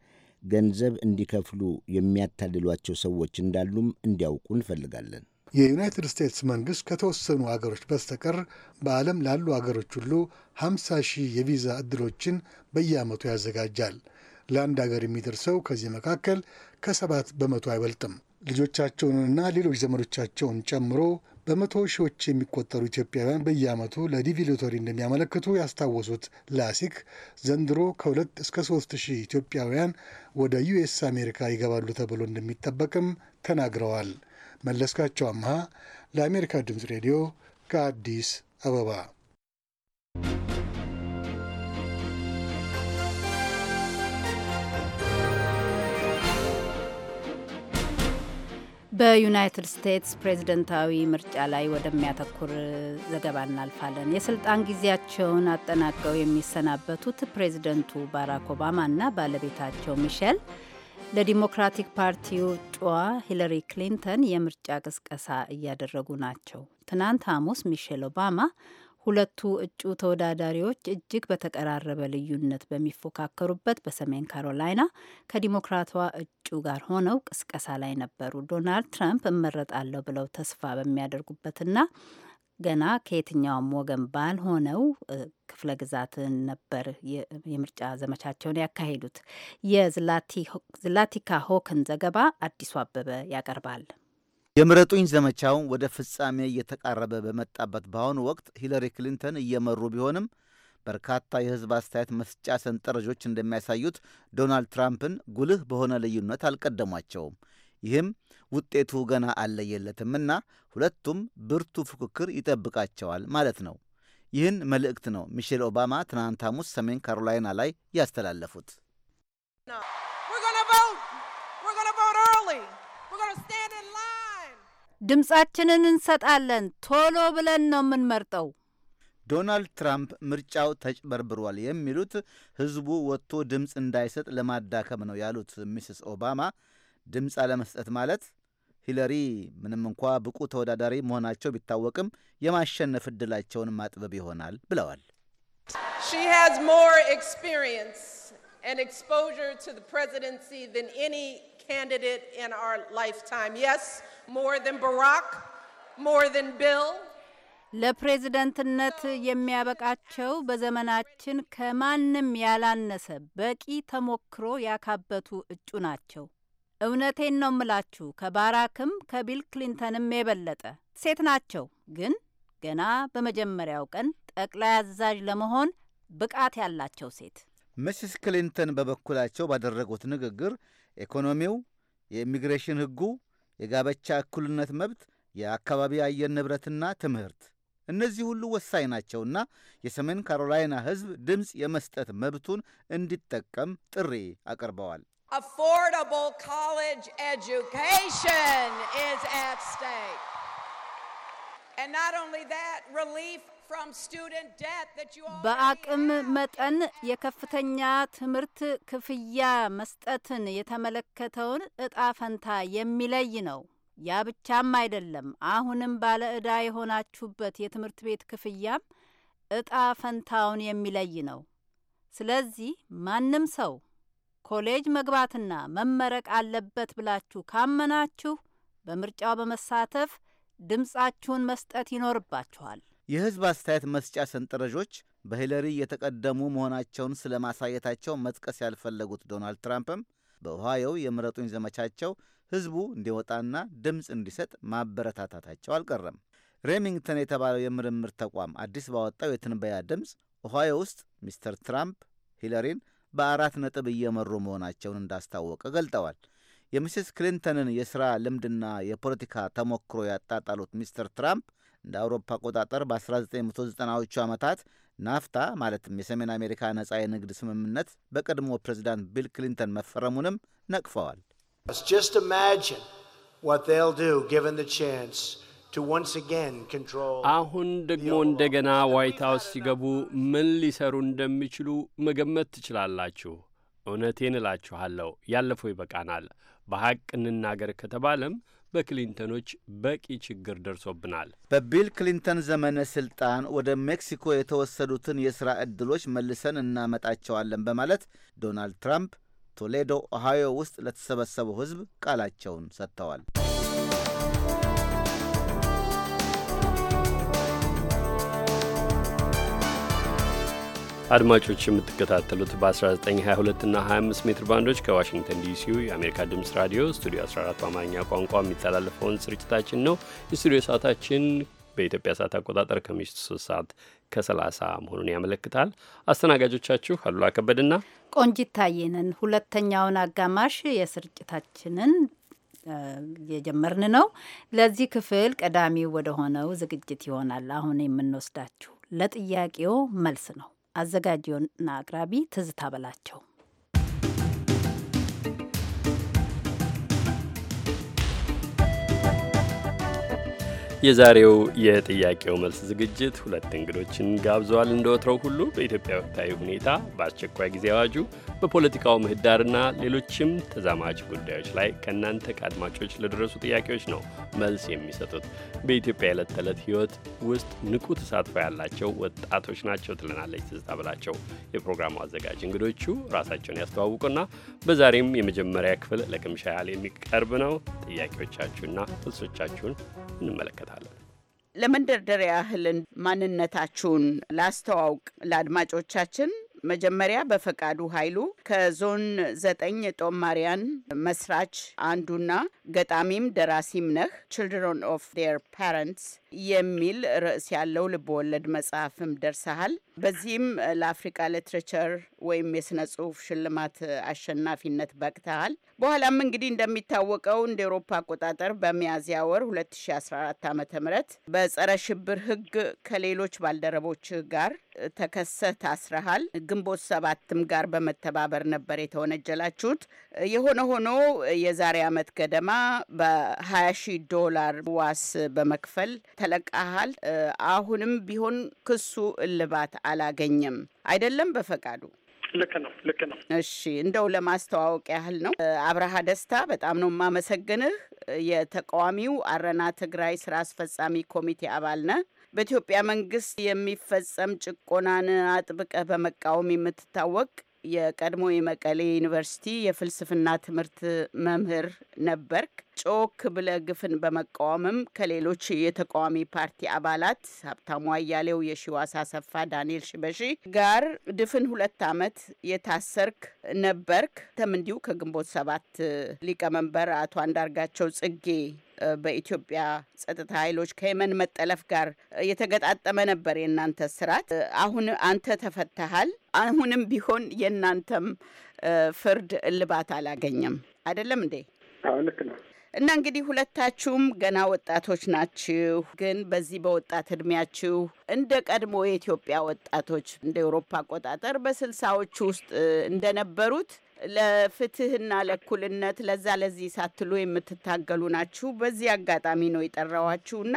ገንዘብ እንዲከፍሉ የሚያታልሏቸው ሰዎች እንዳሉም እንዲያውቁ እንፈልጋለን። የዩናይትድ ስቴትስ መንግስት ከተወሰኑ አገሮች በስተቀር በዓለም ላሉ አገሮች ሁሉ 50 ሺህ የቪዛ ዕድሎችን በየዓመቱ ያዘጋጃል። ለአንድ አገር የሚደርሰው ከዚህ መካከል ከሰባት በመቶ አይበልጥም። ልጆቻቸውንና ሌሎች ዘመዶቻቸውን ጨምሮ በመቶ ሺዎች የሚቆጠሩ ኢትዮጵያውያን በየዓመቱ ለዲቪ ሎተሪ እንደሚያመለክቱ ያስታወሱት ላሲክ ዘንድሮ ከሁለት እስከ ሶስት ሺህ ኢትዮጵያውያን ወደ ዩኤስ አሜሪካ ይገባሉ ተብሎ እንደሚጠበቅም ተናግረዋል። መለስካቸው አምሃ ለአሜሪካ ድምፅ ሬዲዮ ከአዲስ አበባ በዩናይትድ ስቴትስ ፕሬዝደንታዊ ምርጫ ላይ ወደሚያተኩር ዘገባ እናልፋለን። የስልጣን ጊዜያቸውን አጠናቀው የሚሰናበቱት ፕሬዝደንቱ ባራክ ኦባማ እና ባለቤታቸው ሚሸል ለዲሞክራቲክ ፓርቲው ጩዋ ሂለሪ ክሊንተን የምርጫ ቅስቀሳ እያደረጉ ናቸው። ትናንት ሐሙስ ሚሼል ኦባማ ሁለቱ እጩ ተወዳዳሪዎች እጅግ በተቀራረበ ልዩነት በሚፎካከሩበት በሰሜን ካሮላይና ከዲሞክራቷ እጩ ጋር ሆነው ቅስቀሳ ላይ ነበሩ። ዶናልድ ትራምፕ እመረጣለሁ ብለው ተስፋ በሚያደርጉበትና ገና ከየትኛውም ወገን ባልሆነው ክፍለ ግዛት ነበር የምርጫ ዘመቻቸውን ያካሄዱት። የዝላቲካ ሆክን ዘገባ አዲሱ አበበ ያቀርባል። የምረጡኝ ዘመቻው ወደ ፍጻሜ እየተቃረበ በመጣበት በአሁኑ ወቅት ሂለሪ ክሊንተን እየመሩ ቢሆንም በርካታ የሕዝብ አስተያየት መስጫ ሰንጠረዦች እንደሚያሳዩት ዶናልድ ትራምፕን ጉልህ በሆነ ልዩነት አልቀደሟቸውም። ይህም ውጤቱ ገና አለየለትምና ሁለቱም ብርቱ ፉክክር ይጠብቃቸዋል ማለት ነው። ይህን መልእክት ነው ሚሼል ኦባማ ትናንት ሐሙስ ሰሜን ካሮላይና ላይ ያስተላለፉት። ድምፃችንን እንሰጣለን። ቶሎ ብለን ነው የምንመርጠው። ዶናልድ ትራምፕ ምርጫው ተጭበርብሯል የሚሉት ሕዝቡ ወጥቶ ድምፅ እንዳይሰጥ ለማዳከም ነው ያሉት ሚስስ ኦባማ ድምፅ አለመስጠት ማለት ሂለሪ ምንም እንኳ ብቁ ተወዳዳሪ መሆናቸው ቢታወቅም የማሸነፍ ዕድላቸውን ማጥበብ ይሆናል ብለዋል። ለፕሬዝደንትነት የሚያበቃቸው በዘመናችን ከማንም ያላነሰ በቂ ተሞክሮ ያካበቱ እጩ ናቸው። እውነቴን ነው ምላችሁ ከባራክም ከቢል ክሊንተንም የበለጠ ሴት ናቸው። ግን ገና በመጀመሪያው ቀን ጠቅላይ አዛዥ ለመሆን ብቃት ያላቸው ሴት። ምስስ ክሊንተን በበኩላቸው ባደረጉት ንግግር ኢኮኖሚው፣ የኢሚግሬሽን ሕጉ፣ የጋብቻ እኩልነት መብት፣ የአካባቢ አየር ንብረትና ትምህርት እነዚህ ሁሉ ወሳኝ ናቸውና የሰሜን ካሮላይና ሕዝብ ድምፅ የመስጠት መብቱን እንዲጠቀም ጥሪ አቅርበዋል። affordable college education is at stake. And not only that, relief በአቅም መጠን የከፍተኛ ትምህርት ክፍያ መስጠትን የተመለከተውን እጣ ፈንታ የሚለይ ነው። ያ ብቻም አይደለም። አሁንም ባለ ዕዳ የሆናችሁበት የትምህርት ቤት ክፍያም እጣ ፈንታውን የሚለይ ነው። ስለዚህ ማንም ሰው ኮሌጅ መግባትና መመረቅ አለበት ብላችሁ ካመናችሁ በምርጫው በመሳተፍ ድምፃችሁን መስጠት ይኖርባችኋል። የሕዝብ አስተያየት መስጫ ሰንጠረዦች በሂለሪ የተቀደሙ መሆናቸውን ስለ ማሳየታቸው መጥቀስ ያልፈለጉት ዶናልድ ትራምፕም በኦሃዮው የምረጡኝ ዘመቻቸው ሕዝቡ እንዲወጣና ድምፅ እንዲሰጥ ማበረታታታቸው አልቀረም። ሬሚንግተን የተባለው የምርምር ተቋም አዲስ ባወጣው የትንበያ ድምፅ ኦሃዮ ውስጥ ሚስተር ትራምፕ ሂለሪን በአራት ነጥብ እየመሩ መሆናቸውን እንዳስታወቀ ገልጠዋል። የሚስስ ክሊንተንን የሥራ ልምድና የፖለቲካ ተሞክሮ ያጣጣሉት ሚስተር ትራምፕ እንደ አውሮፓ አቆጣጠር በ1990ዎቹ ዓመታት ናፍታ ማለትም የሰሜን አሜሪካ ነጻ የንግድ ስምምነት በቀድሞ ፕሬዚዳንት ቢል ክሊንተን መፈረሙንም ነቅፈዋል። አሁን ደግሞ እንደገና ዋይት ሀውስ ሲገቡ ምን ሊሰሩ እንደሚችሉ መገመት ትችላላችሁ። እውነቴን እላችኋለሁ፣ ያለፈው ይበቃናል። በሐቅ እንናገር ከተባለም በክሊንተኖች በቂ ችግር ደርሶብናል። በቢል ክሊንተን ዘመነ ስልጣን ወደ ሜክሲኮ የተወሰዱትን የሥራ ዕድሎች መልሰን እናመጣቸዋለን በማለት ዶናልድ ትራምፕ ቶሌዶ ኦሃዮ ውስጥ ለተሰበሰበው ሕዝብ ቃላቸውን ሰጥተዋል። አድማጮች የምትከታተሉት በ1922 እና 25 ሜትር ባንዶች ከዋሽንግተን ዲሲው የአሜሪካ ድምፅ ራዲዮ ስቱዲዮ 14 በአማርኛ ቋንቋ የሚተላለፈውን ስርጭታችን ነው። የስቱዲዮ ሰዓታችን በኢትዮጵያ ሰዓት አቆጣጠር ከምሽቱ 3 ሰዓት ከ30 መሆኑን ያመለክታል። አስተናጋጆቻችሁ አሉላ ከበድና ቆንጂት ታየንን ሁለተኛውን አጋማሽ የስርጭታችንን እየጀመርን ነው። ለዚህ ክፍል ቀዳሚው ወደ ሆነው ዝግጅት ይሆናል አሁን የምንወስዳችሁ ለጥያቄው መልስ ነው። አዘጋጅና አቅራቢ ትዝታ በላቸው የዛሬው የጥያቄው መልስ ዝግጅት ሁለት እንግዶችን ጋብዘዋል። እንደወትረው ሁሉ በኢትዮጵያ ወቅታዊ ሁኔታ፣ በአስቸኳይ ጊዜ አዋጁ፣ በፖለቲካው ምህዳርና ሌሎችም ተዛማጅ ጉዳዮች ላይ ከእናንተ ከአድማጮች ለደረሱ ጥያቄዎች ነው መልስ የሚሰጡት። በኢትዮጵያ የዕለት ተዕለት ሕይወት ውስጥ ንቁ ተሳትፎ ያላቸው ወጣቶች ናቸው ትለናለች ትዝታ ብላቸው። የፕሮግራሙ አዘጋጅ እንግዶቹ ራሳቸውን ያስተዋውቁና በዛሬም የመጀመሪያ ክፍል ለቅምሻ ያህል የሚቀርብ ነው። ጥያቄዎቻችሁና መልሶቻችሁን እንመለከታል። ለመንደርደሪያ ያህል ማንነታችሁን ላስተዋውቅ ለአድማጮቻችን። መጀመሪያ በፈቃዱ ኃይሉ ከዞን ዘጠኝ ጦማሪያን መስራች አንዱና ገጣሚም ደራሲም ነህ። ችልድረን ኦፍ ዴር ፓረንትስ የሚል ርዕስ ያለው ልብ ወለድ መጽሐፍም ደርሰሃል። በዚህም ለአፍሪካ ሊትሬቸር ወይም የስነ ጽሁፍ ሽልማት አሸናፊነት በቅተሃል። በኋላም እንግዲህ እንደሚታወቀው እንደ ኤሮፓ አቆጣጠር በሚያዝያ ወር 2014 ዓ ም በጸረ ሽብር ህግ ከሌሎች ባልደረቦች ጋር ተከሰህ ታስረሃል። ግንቦት ሰባትም ጋር በመተባበር ነበር የተወነጀላችሁት። የሆነ ሆኖ የዛሬ ዓመት ገደማ በ20 ሺህ ዶላር ዋስ በመክፈል ተለቃሃል። አሁንም ቢሆን ክሱ እልባት አላገኘም አይደለም በፈቃዱ ልክ ነው፣ ልክ ነው። እሺ እንደው ለማስተዋወቅ ያህል ነው። አብረሃ ደስታ በጣም ነው የማመሰግንህ። የተቃዋሚው አረና ትግራይ ስራ አስፈጻሚ ኮሚቴ አባል ነህ። በኢትዮጵያ መንግስት የሚፈጸም ጭቆናን አጥብቀህ በመቃወም የምትታወቅ የቀድሞ የመቀሌ ዩኒቨርሲቲ የፍልስፍና ትምህርት መምህር ነበርክ። ጮክ ብለ ግፍን በመቃወምም ከሌሎች የተቃዋሚ ፓርቲ አባላት ሀብታሙ አያሌው፣ የሺዋስ አሰፋ፣ ዳንኤል ሽበሺ ጋር ድፍን ሁለት አመት የታሰርክ ነበርክ። እንዲሁ ከግንቦት ሰባት ሊቀመንበር አቶ አንዳርጋቸው ጽጌ በኢትዮጵያ ጸጥታ ኃይሎች ከየመን መጠለፍ ጋር የተገጣጠመ ነበር የእናንተ ስርዓት። አሁን አንተ ተፈተሃል። አሁንም ቢሆን የእናንተም ፍርድ እልባት አላገኘም። አይደለም እንዴ? አዎ ልክ ነው። እና እንግዲህ ሁለታችሁም ገና ወጣቶች ናችሁ፣ ግን በዚህ በወጣት እድሜያችሁ እንደ ቀድሞ የኢትዮጵያ ወጣቶች እንደ ኤውሮፓ አቆጣጠር በስልሳዎቹ ውስጥ እንደነበሩት ለፍትህና ለእኩልነት ለዛ ለዚህ ሳትሉ የምትታገሉ ናችሁ። በዚህ አጋጣሚ ነው የጠራዋችሁና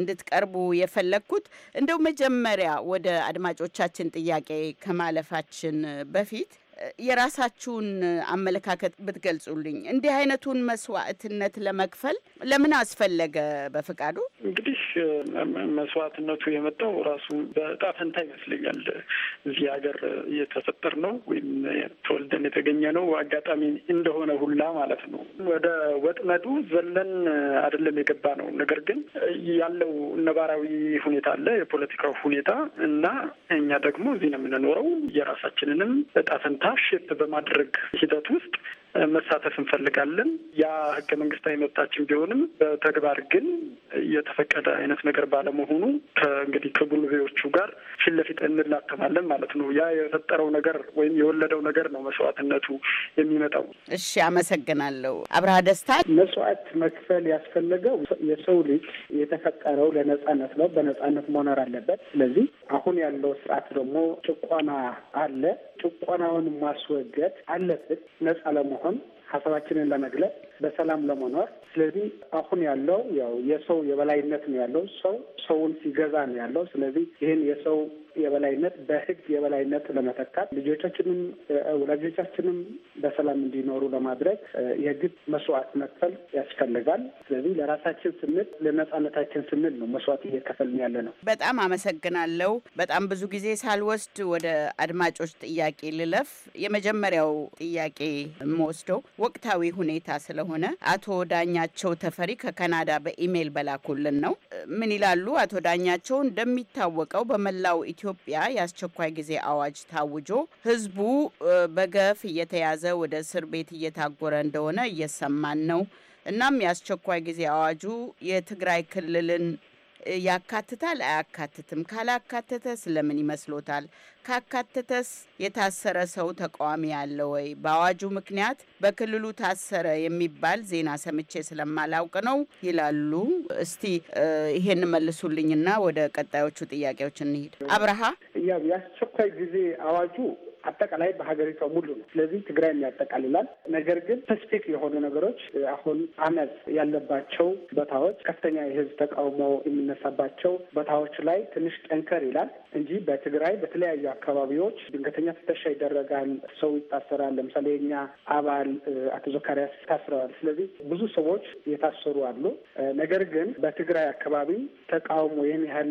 እንድትቀርቡ የፈለግኩት። እንደው መጀመሪያ ወደ አድማጮቻችን ጥያቄ ከማለፋችን በፊት የራሳችሁን አመለካከት ብትገልጹልኝ። እንዲህ አይነቱን መስዋዕትነት ለመክፈል ለምን አስፈለገ? በፍቃዱ እንግዲህ መስዋዕትነቱ የመጣው ራሱ በዕጣ ፈንታ ይመስለኛል። እዚህ ሀገር እየተፈጠር ነው ወይም ተወልደን የተገኘ ነው አጋጣሚ እንደሆነ ሁላ ማለት ነው። ወደ ወጥመዱ ዘለን አይደለም የገባ ነው። ነገር ግን ያለው ነባራዊ ሁኔታ አለ፣ የፖለቲካው ሁኔታ እና እኛ ደግሞ እዚህ ነው የምንኖረው። የራሳችንንም ዕጣ ፈንታ ሼፕ በማድረግ ሂደት ውስጥ መሳተፍ እንፈልጋለን። ያ ህገ መንግስታዊ መብታችን ቢሆንም በተግባር ግን የተፈቀደ አይነት ነገር ባለመሆኑ ከእንግዲህ ከጉልቤዎቹ ጋር ፊት ለፊት እንላተማለን ማለት ነው። ያ የፈጠረው ነገር ወይም የወለደው ነገር ነው መስዋዕትነቱ የሚመጣው። እሺ፣ አመሰግናለሁ። አብርሃ ደስታ፣ መስዋዕት መክፈል ያስፈለገው የሰው ልጅ የተፈጠረው ለነጻነት ነው። በነጻነት መኖር አለበት። ስለዚህ አሁን ያለው ስርዓት ደግሞ ጭቆና አለ። ጭቆናውን ማስወገድ አለበት ነጻ ለመሆን ሳይሆን ሀሳባችንን ለመግለጽ በሰላም ለመኖር ስለዚህ አሁን ያለው ያው የሰው የበላይነት ነው ያለው። ሰው ሰውን ሲገዛ ነው ያለው። ስለዚህ ይህን የሰው የበላይነት በህግ የበላይነት ለመተካት ልጆቻችንም ወላጆቻችንም በሰላም እንዲኖሩ ለማድረግ የግድ መስዋዕት መክፈል ያስፈልጋል። ስለዚህ ለራሳችን ስንል ለነጻነታችን ስንል ነው መስዋዕት እየከፈልን ያለ ነው። በጣም አመሰግናለሁ። በጣም ብዙ ጊዜ ሳልወስድ ወደ አድማጮች ጥያቄ ልለፍ። የመጀመሪያው ጥያቄ የምወስደው ወቅታዊ ሁኔታ ስለሆነ አቶ ዳኛቸው ተፈሪ ከካናዳ በኢሜይል በላኩልን ነው። ምን ይላሉ አቶ ዳኛቸው? እንደሚታወቀው በመላው በኢትዮጵያ የአስቸኳይ ጊዜ አዋጅ ታውጆ ህዝቡ በገፍ እየተያዘ ወደ እስር ቤት እየታጎረ እንደሆነ እየሰማን ነው። እናም የአስቸኳይ ጊዜ አዋጁ የትግራይ ክልልን ያካትታል አያካትትም? ካላካተተ ስለምን ይመስሎታል? ካካተተስ የታሰረ ሰው ተቃዋሚ ያለ ወይ? በአዋጁ ምክንያት በክልሉ ታሰረ የሚባል ዜና ሰምቼ ስለማላውቅ ነው ይላሉ። እስቲ ይሄን መልሱልኝና ወደ ቀጣዮቹ ጥያቄዎች እንሂድ። አብርሃ የአስቸኳይ ጊዜ አዋጁ አጠቃላይ በሀገሪቷ ሙሉ ነው። ስለዚህ ትግራይም ያጠቃልላል። ነገር ግን ስፔሲፊክ የሆኑ ነገሮች አሁን አመፅ ያለባቸው ቦታዎች፣ ከፍተኛ የህዝብ ተቃውሞ የሚነሳባቸው ቦታዎች ላይ ትንሽ ጠንከር ይላል እንጂ በትግራይ በተለያዩ አካባቢዎች ድንገተኛ ፍተሻ ይደረጋል፣ ሰው ይታሰራል። ለምሳሌ የኛ አባል አቶ ዘካሪያስ ታስረዋል። ስለዚህ ብዙ ሰዎች የታሰሩ አሉ። ነገር ግን በትግራይ አካባቢ ተቃውሞ ይህን ያህል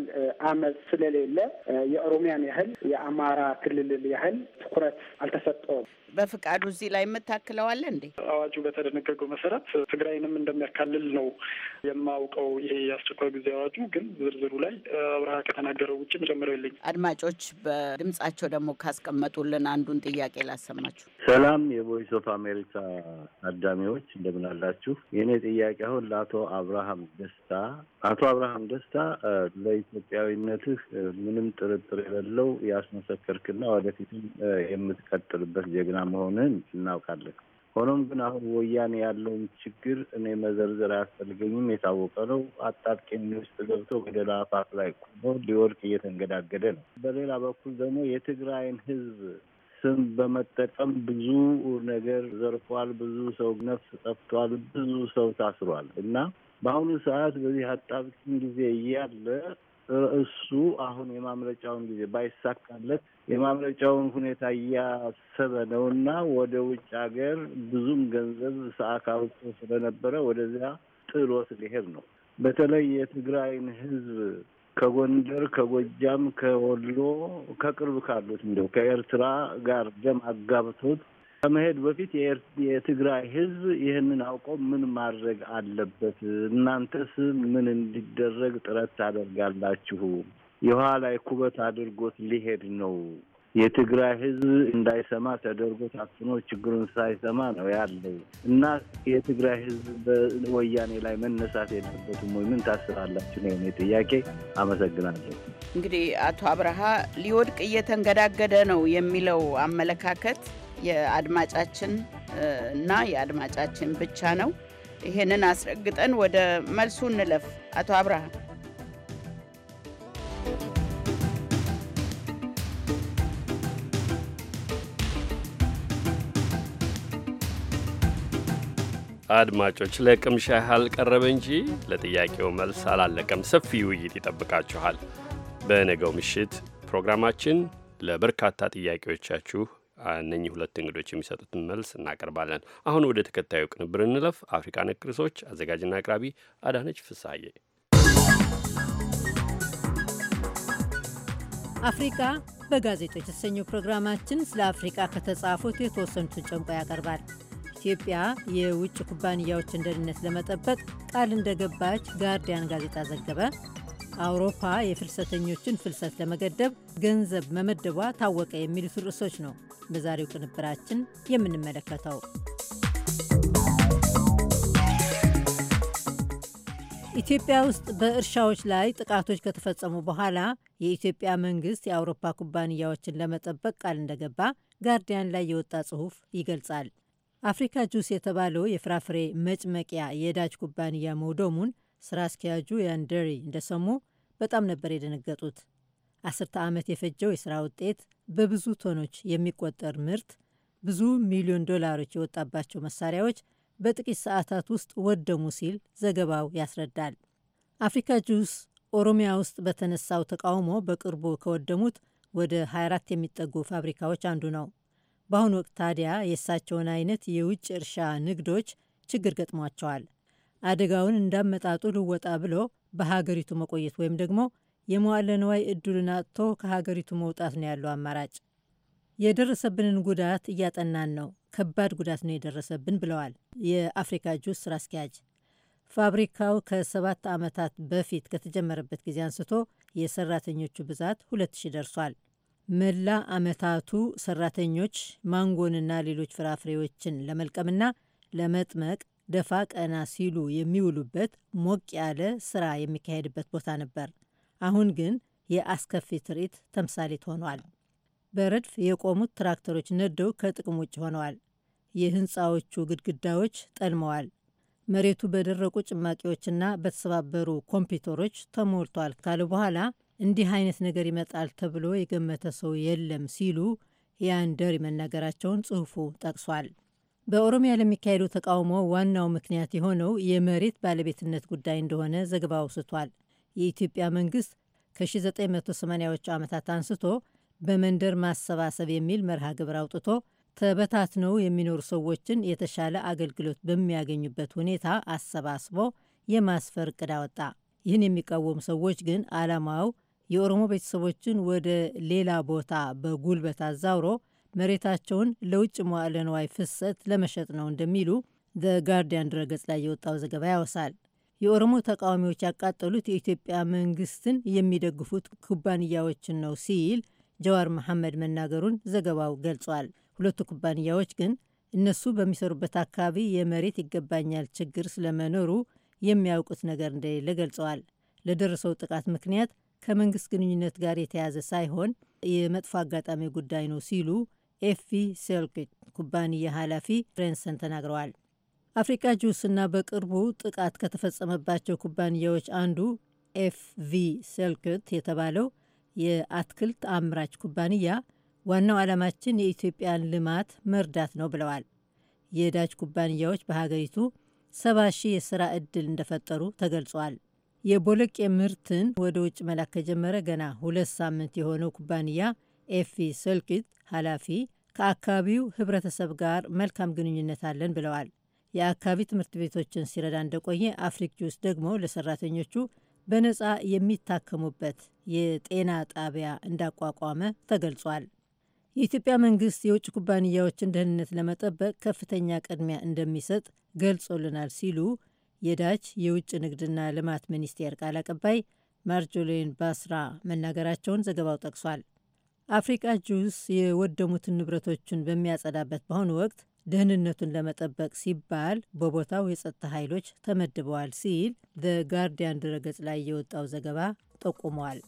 አመፅ ስለሌለ የኦሮሚያን ያህል የአማራ ክልል ያህል ትኩረት አልተሰጠውም። በፍቃዱ እዚህ ላይ የምታክለዋለ እንዴ? አዋጁ በተደነገገው መሰረት ትግራይንም እንደሚያካልል ነው የማውቀው። ይሄ የአስቸኳይ ጊዜ አዋጁ ግን ዝርዝሩ ላይ አብርሃ ከተናገረው ውጭ መጨመሪያ የለኝ። አድማጮች በድምጻቸው ደግሞ ካስቀመጡልን አንዱን ጥያቄ ላሰማችሁ። ሰላም የቮይስ ኦፍ አሜሪካ ታዳሚዎች እንደምን አላችሁ? የእኔ ጥያቄ አሁን ለአቶ አብርሃም ደስታ አቶ አብርሃም ደስታ ለኢትዮጵያዊነትህ ምንም ጥርጥር የሌለው ያስመሰከርክና ወደፊትም የምትቀጥልበት ጀግና መሆንን እናውቃለን። ሆኖም ግን አሁን ወያኔ ያለውን ችግር እኔ መዘርዘር አያስፈልገኝም፣ የታወቀ ነው። አጣብቂኝ ውስጥ ገብቶ ገደል አፋፍ ላይ ቆሞ ሊወድቅ እየተንገዳገደ ነው። በሌላ በኩል ደግሞ የትግራይን ህዝብ ስም በመጠቀም ብዙ ነገር ዘርፏል፣ ብዙ ሰው ነፍስ ጠፍቷል፣ ብዙ ሰው ታስሯል እና በአሁኑ ሰዓት በዚህ አጣብቂኝ ጊዜ እያለ እሱ አሁን የማምረጫውን ጊዜ ባይሳካለት የማምረጫውን ሁኔታ እያሰበ ነው እና ወደ ውጭ ሀገር ብዙም ገንዘብ ሰአካ ስለነበረ ወደዚያ ጥሎት ሊሄድ ነው። በተለይ የትግራይን ህዝብ ከጎንደር፣ ከጎጃም፣ ከወሎ ከቅርብ ካሉት እንዲሁ ከኤርትራ ጋር ደም አጋብቶት ከመሄድ በፊት የትግራይ ህዝብ ይህንን አውቆ ምን ማድረግ አለበት? እናንተስ ምን እንዲደረግ ጥረት ታደርጋላችሁ? የውሃ ላይ ኩበት አድርጎት ሊሄድ ነው። የትግራይ ህዝብ እንዳይሰማ ተደርጎ ታፍኖ ችግሩን ሳይሰማ ነው ያለው እና የትግራይ ህዝብ በወያኔ ላይ መነሳት የለበትም ወይ? ምን ታስባላችሁ ነው የኔ ጥያቄ። አመሰግናለሁ። እንግዲህ አቶ አብርሃ ሊወድቅ እየተንገዳገደ ነው የሚለው አመለካከት የአድማጫችን እና የአድማጫችን ብቻ ነው። ይሄንን አስረግጠን ወደ መልሱ እንለፍ። አቶ አብርሃም አድማጮች ለቅምሻ ያህል ቀረበ እንጂ ለጥያቄው መልስ አላለቀም። ሰፊ ውይይት ይጠብቃችኋል። በነገው ምሽት ፕሮግራማችን ለበርካታ ጥያቄዎቻችሁ እነኚህ ሁለት እንግዶች የሚሰጡትን መልስ እናቀርባለን። አሁን ወደ ተከታዩ ቅንብር እንለፍ። አፍሪካ ነክ ርዕሶች አዘጋጅና አቅራቢ አዳነች ፍሳዬ። አፍሪካ በጋዜጦች የተሰኘው ፕሮግራማችን ስለ አፍሪቃ ከተጻፉት የተወሰኑትን ጨምቆ ያቀርባል። ኢትዮጵያ የውጭ ኩባንያዎችን ደህንነት ለመጠበቅ ቃል እንደገባች ጋርዲያን ጋዜጣ ዘገበ። አውሮፓ የፍልሰተኞችን ፍልሰት ለመገደብ ገንዘብ መመደቧ ታወቀ የሚሉት ርዕሶች ነው በዛሬው ቅንብራችን የምንመለከተው። ኢትዮጵያ ውስጥ በእርሻዎች ላይ ጥቃቶች ከተፈጸሙ በኋላ የኢትዮጵያ መንግስት የአውሮፓ ኩባንያዎችን ለመጠበቅ ቃል እንደገባ ጋርዲያን ላይ የወጣ ጽሑፍ ይገልጻል። አፍሪካ ጁስ የተባለው የፍራፍሬ መጭመቂያ የዳጅ ኩባንያ መውደሙን ስራ አስኪያጁ ያንደሪ እንደሰሙ በጣም ነበር የደነገጡት። አስርተ ዓመት የፈጀው የሥራ ውጤት፣ በብዙ ቶኖች የሚቆጠር ምርት፣ ብዙ ሚሊዮን ዶላሮች የወጣባቸው መሳሪያዎች በጥቂት ሰዓታት ውስጥ ወደሙ ሲል ዘገባው ያስረዳል። አፍሪካ ጁስ ኦሮሚያ ውስጥ በተነሳው ተቃውሞ በቅርቡ ከወደሙት ወደ 24 የሚጠጉ ፋብሪካዎች አንዱ ነው። በአሁኑ ወቅት ታዲያ የእሳቸውን አይነት የውጭ እርሻ ንግዶች ችግር ገጥሟቸዋል። አደጋውን እንዳመጣጡ ልወጣ ብሎ በሀገሪቱ መቆየት ወይም ደግሞ የመዋለ ንዋይ እድሉን አጥቶ ከሀገሪቱ መውጣት ነው ያለው አማራጭ። የደረሰብንን ጉዳት እያጠናን ነው፣ ከባድ ጉዳት ነው የደረሰብን ብለዋል የአፍሪካ ጁስ ስራ አስኪያጅ። ፋብሪካው ከሰባት ዓመታት በፊት ከተጀመረበት ጊዜ አንስቶ የሰራተኞቹ ብዛት ሁለት ሺ ደርሷል። መላ ዓመታቱ ሰራተኞች ማንጎንና ሌሎች ፍራፍሬዎችን ለመልቀምና ለመጥመቅ ደፋ ቀና ሲሉ የሚውሉበት ሞቅ ያለ ስራ የሚካሄድበት ቦታ ነበር። አሁን ግን የአስከፊ ትርኢት ተምሳሌት ሆኗል። በረድፍ የቆሙት ትራክተሮች ነደው ከጥቅም ውጭ ሆነዋል። የህንፃዎቹ ግድግዳዎች ጠልመዋል። መሬቱ በደረቁ ጭማቂዎችና በተሰባበሩ ኮምፒውተሮች ተሞልቷል ካለ በኋላ እንዲህ አይነት ነገር ይመጣል ተብሎ የገመተ ሰው የለም ሲሉ ያንደሪ መናገራቸውን ጽሑፉ ጠቅሷል። በኦሮሚያ ለሚካሄደው ተቃውሞ ዋናው ምክንያት የሆነው የመሬት ባለቤትነት ጉዳይ እንደሆነ ዘገባ አውስቷል። የኢትዮጵያ መንግስት ከ1980ዎቹ ዓመታት አንስቶ በመንደር ማሰባሰብ የሚል መርሃ ግብር አውጥቶ ተበታትነው የሚኖሩ ሰዎችን የተሻለ አገልግሎት በሚያገኙበት ሁኔታ አሰባስቦ የማስፈር እቅድ አወጣ። ይህን የሚቃወሙ ሰዎች ግን ዓላማው የኦሮሞ ቤተሰቦችን ወደ ሌላ ቦታ በጉልበት አዛውሮ መሬታቸውን ለውጭ መዋዕለ ንዋይ ፍሰት ለመሸጥ ነው እንደሚሉ ጋርዲያን ድረገጽ ላይ የወጣው ዘገባ ያወሳል። የኦሮሞ ተቃዋሚዎች ያቃጠሉት የኢትዮጵያ መንግስትን የሚደግፉት ኩባንያዎችን ነው ሲል ጀዋር መሐመድ መናገሩን ዘገባው ገልጿል። ሁለቱ ኩባንያዎች ግን እነሱ በሚሰሩበት አካባቢ የመሬት ይገባኛል ችግር ስለመኖሩ የሚያውቁት ነገር እንደሌለ ገልጸዋል። ለደረሰው ጥቃት ምክንያት ከመንግስት ግንኙነት ጋር የተያያዘ ሳይሆን የመጥፎ አጋጣሚ ጉዳይ ነው ሲሉ ኤፊ ሴልግት ኩባንያ ኃላፊ ፍሬንሰን ተናግረዋል። አፍሪካ ጁስና በቅርቡ ጥቃት ከተፈጸመባቸው ኩባንያዎች አንዱ ኤፍቪ ሴልግት የተባለው የአትክልት አምራች ኩባንያ ዋናው ዓላማችን የኢትዮጵያን ልማት መርዳት ነው ብለዋል። የዳጅ ኩባንያዎች በሀገሪቱ ሰባ ሺህ የሥራ ዕድል እንደፈጠሩ ተገልጿል። የቦለቄ ምርትን ወደ ውጭ መላክ ከጀመረ ገና ሁለት ሳምንት የሆነው ኩባንያ ኤፊ ሰልኪት ኃላፊ ከአካባቢው ህብረተሰብ ጋር መልካም ግንኙነት አለን ብለዋል። የአካባቢ ትምህርት ቤቶችን ሲረዳ እንደቆየ አፍሪክ ጁስ ደግሞ ለሰራተኞቹ በነፃ የሚታከሙበት የጤና ጣቢያ እንዳቋቋመ ተገልጿል። የኢትዮጵያ መንግስት የውጭ ኩባንያዎችን ደህንነት ለመጠበቅ ከፍተኛ ቅድሚያ እንደሚሰጥ ገልጾልናል ሲሉ የዳች የውጭ ንግድና ልማት ሚኒስቴር ቃል አቀባይ ማርጆሌን ባስራ መናገራቸውን ዘገባው ጠቅሷል። አፍሪቃ ጁስ የወደሙትን ንብረቶችን በሚያጸዳበት በአሁኑ ወቅት ደህንነቱን ለመጠበቅ ሲባል በቦታው የጸጥታ ኃይሎች ተመድበዋል ሲል ዘ ጋርዲያን ድረገጽ ላይ የወጣው ዘገባ ጠቁሟል።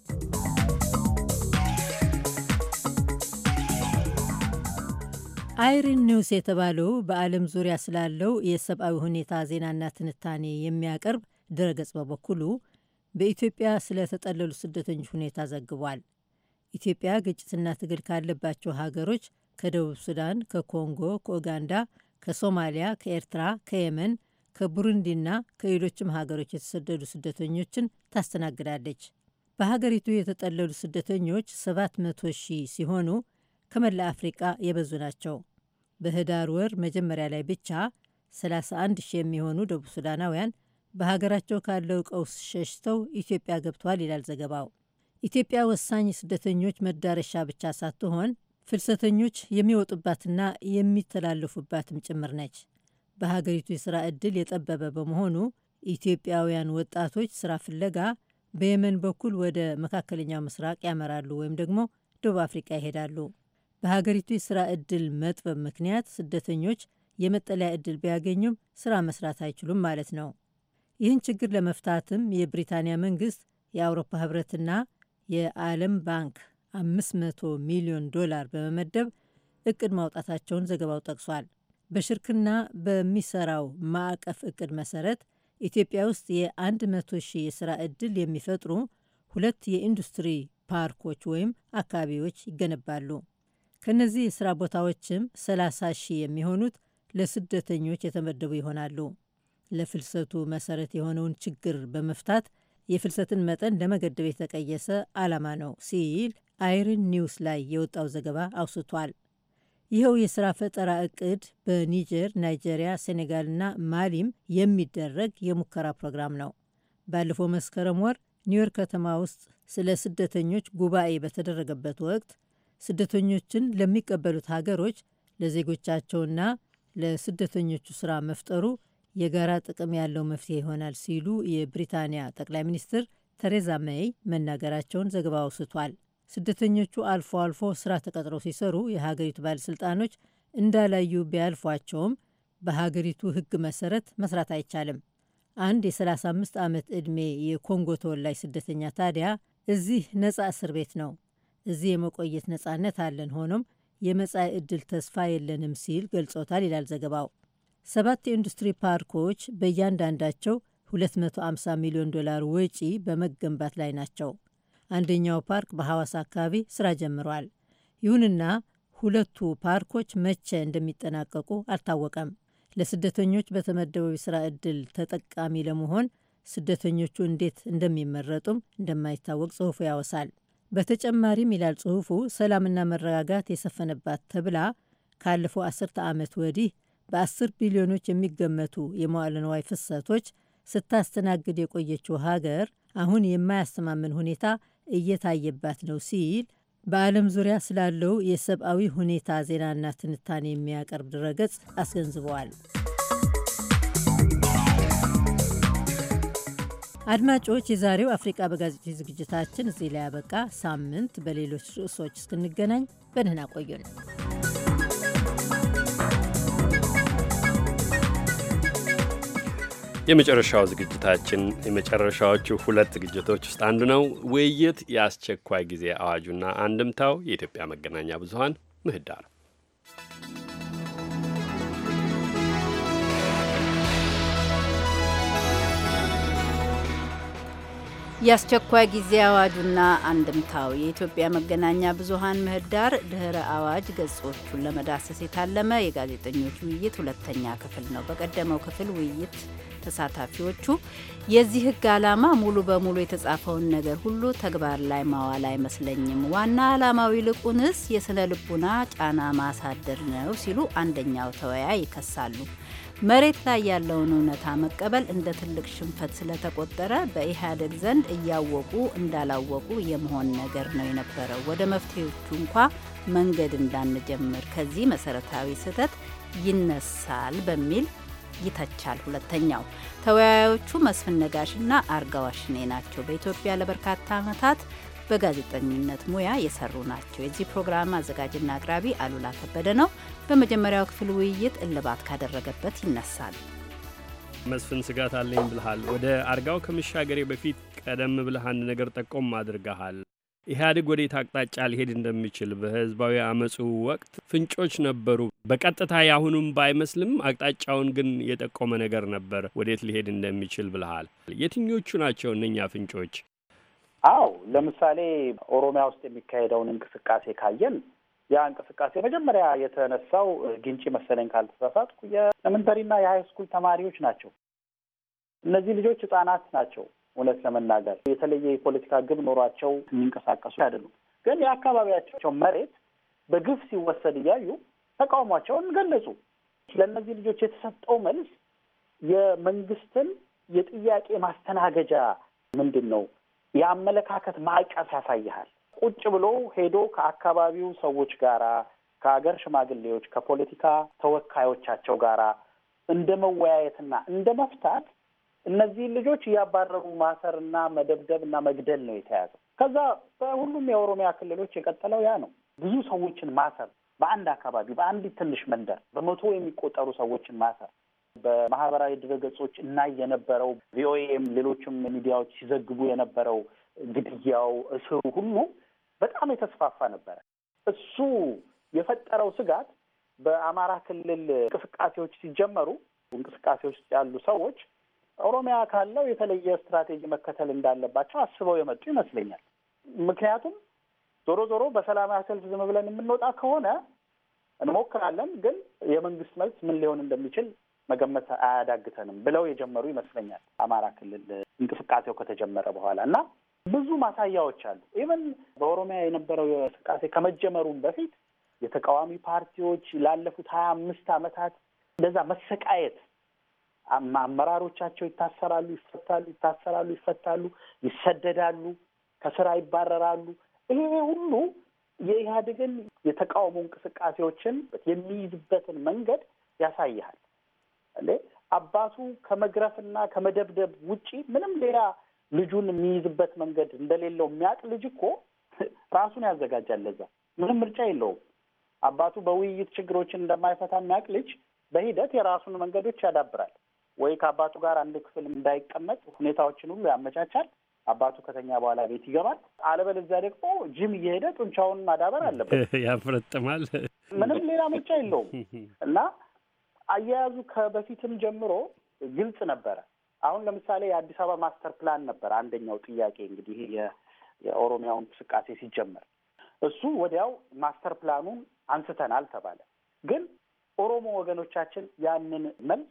አይሪን ኒውስ የተባለው በዓለም ዙሪያ ስላለው የሰብአዊ ሁኔታ ዜናና ትንታኔ የሚያቀርብ ድረገጽ በበኩሉ በኢትዮጵያ ስለተጠለሉ ስደተኞች ሁኔታ ዘግቧል። ኢትዮጵያ ግጭትና ትግል ካለባቸው ሀገሮች ከደቡብ ሱዳን፣ ከኮንጎ፣ ከኡጋንዳ፣ ከሶማሊያ፣ ከኤርትራ፣ ከየመን፣ ከቡሩንዲና ከሌሎችም ሀገሮች የተሰደዱ ስደተኞችን ታስተናግዳለች። በሀገሪቱ የተጠለሉ ስደተኞች 700 ሺህ ሲሆኑ ከመላ አፍሪቃ የበዙ ናቸው። በህዳር ወር መጀመሪያ ላይ ብቻ 31 ሺህ የሚሆኑ ደቡብ ሱዳናውያን በሀገራቸው ካለው ቀውስ ሸሽተው ኢትዮጵያ ገብተዋል ይላል ዘገባው። ኢትዮጵያ ወሳኝ ስደተኞች መዳረሻ ብቻ ሳትሆን ፍልሰተኞች የሚወጡባትና የሚተላለፉባትም ጭምር ነች። በሀገሪቱ የሥራ ዕድል የጠበበ በመሆኑ ኢትዮጵያውያን ወጣቶች ሥራ ፍለጋ በየመን በኩል ወደ መካከለኛው ምስራቅ ያመራሉ ወይም ደግሞ ደቡብ አፍሪቃ ይሄዳሉ። በሀገሪቱ የሥራ ዕድል መጥበብ ምክንያት ስደተኞች የመጠለያ ዕድል ቢያገኙም ሥራ መስራት አይችሉም ማለት ነው። ይህን ችግር ለመፍታትም የብሪታንያ መንግስት የአውሮፓ ህብረትና የዓለም ባንክ 500 ሚሊዮን ዶላር በመመደብ እቅድ ማውጣታቸውን ዘገባው ጠቅሷል። በሽርክና በሚሰራው ማዕቀፍ እቅድ መሰረት ኢትዮጵያ ውስጥ የ100 ሺህ የሥራ ዕድል የሚፈጥሩ ሁለት የኢንዱስትሪ ፓርኮች ወይም አካባቢዎች ይገነባሉ። ከእነዚህ የሥራ ቦታዎችም 30 ሺህ የሚሆኑት ለስደተኞች የተመደቡ ይሆናሉ። ለፍልሰቱ መሰረት የሆነውን ችግር በመፍታት የፍልሰትን መጠን ለመገደብ የተቀየሰ ዓላማ ነው ሲል አይርን ኒውስ ላይ የወጣው ዘገባ አውስቷል። ይኸው የሥራ ፈጠራ እቅድ በኒጀር፣ ናይጄሪያ፣ ሴኔጋልና ማሊም የሚደረግ የሙከራ ፕሮግራም ነው። ባለፈው መስከረም ወር ኒውዮርክ ከተማ ውስጥ ስለ ስደተኞች ጉባኤ በተደረገበት ወቅት ስደተኞችን ለሚቀበሉት ሀገሮች ለዜጎቻቸውና ለስደተኞቹ ሥራ መፍጠሩ የጋራ ጥቅም ያለው መፍትሄ ይሆናል ሲሉ የብሪታንያ ጠቅላይ ሚኒስትር ተሬዛ ሜይ መናገራቸውን ዘገባ አውስቷል። ስደተኞቹ አልፎ አልፎ ስራ ተቀጥረው ሲሰሩ የሀገሪቱ ባለሥልጣኖች እንዳላዩ ቢያልፏቸውም በሀገሪቱ ሕግ መሰረት መስራት አይቻልም። አንድ የ35 ዓመት ዕድሜ የኮንጎ ተወላጅ ስደተኛ ታዲያ እዚህ ነጻ እስር ቤት ነው፣ እዚህ የመቆየት ነጻነት አለን፣ ሆኖም የመጻኢ ዕድል ተስፋ የለንም ሲል ገልጾታል ይላል ዘገባው። ሰባት የኢንዱስትሪ ፓርኮች በእያንዳንዳቸው 250 ሚሊዮን ዶላር ወጪ በመገንባት ላይ ናቸው። አንደኛው ፓርክ በሐዋሳ አካባቢ ስራ ጀምሯል። ይሁንና ሁለቱ ፓርኮች መቼ እንደሚጠናቀቁ አልታወቀም። ለስደተኞች በተመደበው የሥራ ዕድል ተጠቃሚ ለመሆን ስደተኞቹ እንዴት እንደሚመረጡም እንደማይታወቅ ጽሑፉ ያወሳል። በተጨማሪም ይላል ጽሑፉ ሰላምና መረጋጋት የሰፈነባት ተብላ ካለፈው አስርተ ዓመት ወዲህ በአስር ቢሊዮኖች የሚገመቱ የመዋዕለ ንዋይ ፍሰቶች ስታስተናግድ የቆየችው ሀገር አሁን የማያስተማምን ሁኔታ እየታየባት ነው ሲል በዓለም ዙሪያ ስላለው የሰብአዊ ሁኔታ ዜናና ትንታኔ የሚያቀርብ ድረገጽ አስገንዝበዋል። አድማጮች፣ የዛሬው አፍሪቃ በጋዜጦች ዝግጅታችን እዚህ ላይ ያበቃ። ሳምንት በሌሎች ርዕሶች እስክንገናኝ በደህና ቆዩን። የመጨረሻው ዝግጅታችን የመጨረሻዎቹ ሁለት ዝግጅቶች ውስጥ አንዱ ነው። ውይይት የአስቸኳይ ጊዜ አዋጁና አንድምታው የኢትዮጵያ መገናኛ ብዙኃን ምህዳር የአስቸኳይ ጊዜ አዋጁና አንድምታው የኢትዮጵያ መገናኛ ብዙሀን ምህዳር ድህረ አዋጅ ገጾቹን ለመዳሰስ የታለመ የጋዜጠኞች ውይይት ሁለተኛ ክፍል ነው። በቀደመው ክፍል ውይይት ተሳታፊዎቹ የዚህ ህግ ዓላማ ሙሉ በሙሉ የተጻፈውን ነገር ሁሉ ተግባር ላይ ማዋል አይመስለኝም፣ ዋና ዓላማው ይልቁንስ የስነ ልቡና ጫና ማሳደር ነው ሲሉ አንደኛው ተወያይ ይከሳሉ። መሬት ላይ ያለውን እውነታ መቀበል እንደ ትልቅ ሽንፈት ስለተቆጠረ በኢህአዴግ ዘንድ እያወቁ እንዳላወቁ የመሆን ነገር ነው የነበረው። ወደ መፍትሄዎቹ እንኳ መንገድ እንዳንጀምር ከዚህ መሰረታዊ ስህተት ይነሳል በሚል ይተቻል። ሁለተኛው ተወያዮቹ መስፍን ነጋሽና አርጋው አሽኔ ናቸው። በኢትዮጵያ ለበርካታ ዓመታት በጋዜጠኝነት ሙያ የሰሩ ናቸው። የዚህ ፕሮግራም አዘጋጅና አቅራቢ አሉላ ከበደ ነው። በመጀመሪያው ክፍል ውይይት እልባት ካደረገበት ይነሳል። መስፍን ስጋት አለኝ ብልሃል። ወደ አርጋው ከመሻገሬ በፊት ቀደም ብለህ አንድ ነገር ጠቆም አድርገሃል። ኢህአዴግ ወዴት አቅጣጫ ሊሄድ እንደሚችል በህዝባዊ አመፁ ወቅት ፍንጮች ነበሩ። በቀጥታ የአሁኑም ባይመስልም አቅጣጫውን ግን የጠቆመ ነገር ነበር ወዴት ሊሄድ እንደሚችል ብልሃል። የትኞቹ ናቸው እነኛ ፍንጮች? አው ለምሳሌ ኦሮሚያ ውስጥ የሚካሄደውን እንቅስቃሴ ካየን ያ እንቅስቃሴ መጀመሪያ የተነሳው ግንጪ መሰለኝ ካልተሳሳትኩ የኤሌመንተሪና የሀይ ስኩል ተማሪዎች ናቸው። እነዚህ ልጆች ህጻናት ናቸው። እውነት ለመናገር የተለየ የፖለቲካ ግብ ኖሯቸው የሚንቀሳቀሱ አይደሉም። ግን የአካባቢያቸው መሬት በግፍ ሲወሰድ እያዩ ተቃውሟቸውን ገለጹ። ለእነዚህ ልጆች የተሰጠው መልስ የመንግስትን የጥያቄ ማስተናገጃ ምንድን ነው የአመለካከት ማዕቀፍ ያሳይሃል። ቁጭ ብሎ ሄዶ ከአካባቢው ሰዎች ጋራ ከሀገር ሽማግሌዎች ከፖለቲካ ተወካዮቻቸው ጋራ እንደ መወያየትና እንደ መፍታት እነዚህን ልጆች እያባረሩ ማሰርና መደብደብ እና መግደል ነው የተያዘው። ከዛ በሁሉም የኦሮሚያ ክልሎች የቀጠለው ያ ነው። ብዙ ሰዎችን ማሰር በአንድ አካባቢ በአንድ ትንሽ መንደር በመቶ የሚቆጠሩ ሰዎችን ማሰር በማህበራዊ ድረገጾች እና የነበረው ቪኦኤም ሌሎችም ሚዲያዎች ሲዘግቡ የነበረው ግድያው፣ እስሩ ሁሉ በጣም የተስፋፋ ነበረ። እሱ የፈጠረው ስጋት በአማራ ክልል እንቅስቃሴዎች ሲጀመሩ እንቅስቃሴዎች ያሉ ሰዎች ኦሮሚያ ካለው የተለየ ስትራቴጂ መከተል እንዳለባቸው አስበው የመጡ ይመስለኛል። ምክንያቱም ዞሮ ዞሮ በሰላማዊ ሰልፍ ዝም ብለን የምንወጣ ከሆነ እንሞክራለን፣ ግን የመንግስት መልስ ምን ሊሆን እንደሚችል መገመት አያዳግተንም ብለው የጀመሩ ይመስለኛል። አማራ ክልል እንቅስቃሴው ከተጀመረ በኋላ እና ብዙ ማሳያዎች አሉ። ኢቨን በኦሮሚያ የነበረው እንቅስቃሴ ከመጀመሩም በፊት የተቃዋሚ ፓርቲዎች ላለፉት ሀያ አምስት አመታት እንደዛ መሰቃየት አመራሮቻቸው ይታሰራሉ፣ ይፈታሉ፣ ይታሰራሉ፣ ይፈታሉ፣ ይሰደዳሉ፣ ከስራ ይባረራሉ። ይሄ ሁሉ የኢህአዴግን የተቃውሞ እንቅስቃሴዎችን የሚይዝበትን መንገድ ያሳይሃል። አባቱ ከመግረፍና ከመደብደብ ውጪ ምንም ሌላ ልጁን የሚይዝበት መንገድ እንደሌለው የሚያውቅ ልጅ እኮ ራሱን ያዘጋጃል። ለዛ ምንም ምርጫ የለውም። አባቱ በውይይት ችግሮችን እንደማይፈታ የሚያውቅ ልጅ በሂደት የራሱን መንገዶች ያዳብራል። ወይ ከአባቱ ጋር አንድ ክፍል እንዳይቀመጥ ሁኔታዎችን ሁሉ ያመቻቻል። አባቱ ከተኛ በኋላ ቤት ይገባል። አለበለዚያ ደግሞ ጅም እየሄደ ጡንቻውን ማዳበር አለበት፣ ያፍረጥማል። ምንም ሌላ ምርጫ የለውም እና አያያዙ ከበፊትም ጀምሮ ግልጽ ነበረ። አሁን ለምሳሌ የአዲስ አበባ ማስተር ፕላን ነበር አንደኛው ጥያቄ እንግዲህ የኦሮሚያው እንቅስቃሴ ሲጀመር እሱ ወዲያው ማስተር ፕላኑን አንስተናል ተባለ። ግን ኦሮሞ ወገኖቻችን ያንን መልስ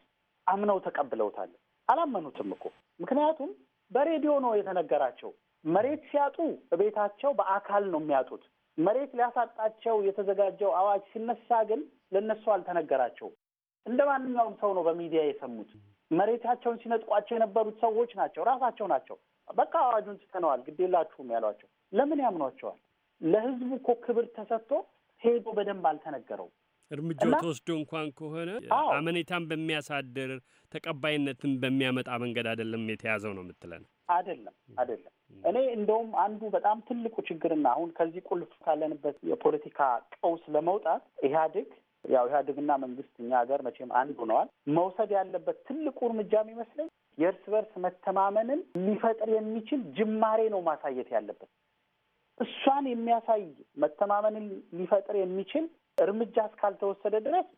አምነው ተቀብለውታል። አላመኑትም እኮ ምክንያቱም በሬዲዮ ነው የተነገራቸው። መሬት ሲያጡ ቤታቸው በአካል ነው የሚያጡት። መሬት ሊያሳጣቸው የተዘጋጀው አዋጅ ሲነሳ ግን ለእነሱ አልተነገራቸውም። እንደ ማንኛውም ሰው ነው በሚዲያ የሰሙት። መሬታቸውን ሲነጥቋቸው የነበሩት ሰዎች ናቸው፣ ራሳቸው ናቸው። በቃ አዋጁን ትተነዋል፣ ግዴላችሁም ያሏቸው ለምን ያምኗቸዋል? ለህዝቡ እኮ ክብር ተሰጥቶ ሄዶ በደንብ አልተነገረው እርምጃው ተወስዶ እንኳን ከሆነ አመኔታን በሚያሳድር ተቀባይነትን በሚያመጣ መንገድ አይደለም የተያዘው ነው የምትለን? አይደለም አይደለም። እኔ እንደውም አንዱ በጣም ትልቁ ችግርና አሁን ከዚህ ቁልፍ ካለንበት የፖለቲካ ቀውስ ለመውጣት ኢህአዴግ ያው ኢህአዴግና መንግስት እኛ ሀገር መቼም አንድ ሆነዋል። መውሰድ ያለበት ትልቁ እርምጃ የሚመስለኝ የእርስ በርስ መተማመንን ሊፈጥር የሚችል ጅማሬ ነው ማሳየት ያለበት። እሷን የሚያሳይ መተማመንን ሊፈጥር የሚችል እርምጃ እስካልተወሰደ ድረስ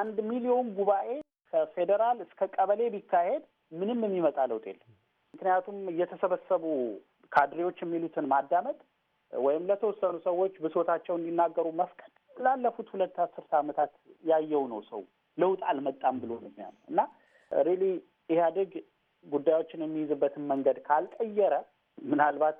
አንድ ሚሊዮን ጉባኤ ከፌዴራል እስከ ቀበሌ ቢካሄድ ምንም የሚመጣ ለውጥ የለም። ምክንያቱም እየተሰበሰቡ ካድሬዎች የሚሉትን ማዳመጥ ወይም ለተወሰኑ ሰዎች ብሶታቸው እንዲናገሩ መፍቀድ ላለፉት ሁለት አስርተ ዓመታት ያየው ነው ሰው ለውጥ አልመጣም ብሎ ነው የሚያምነው እና ሪሊ ኢህአዴግ ጉዳዮችን የሚይዝበትን መንገድ ካልቀየረ ምናልባት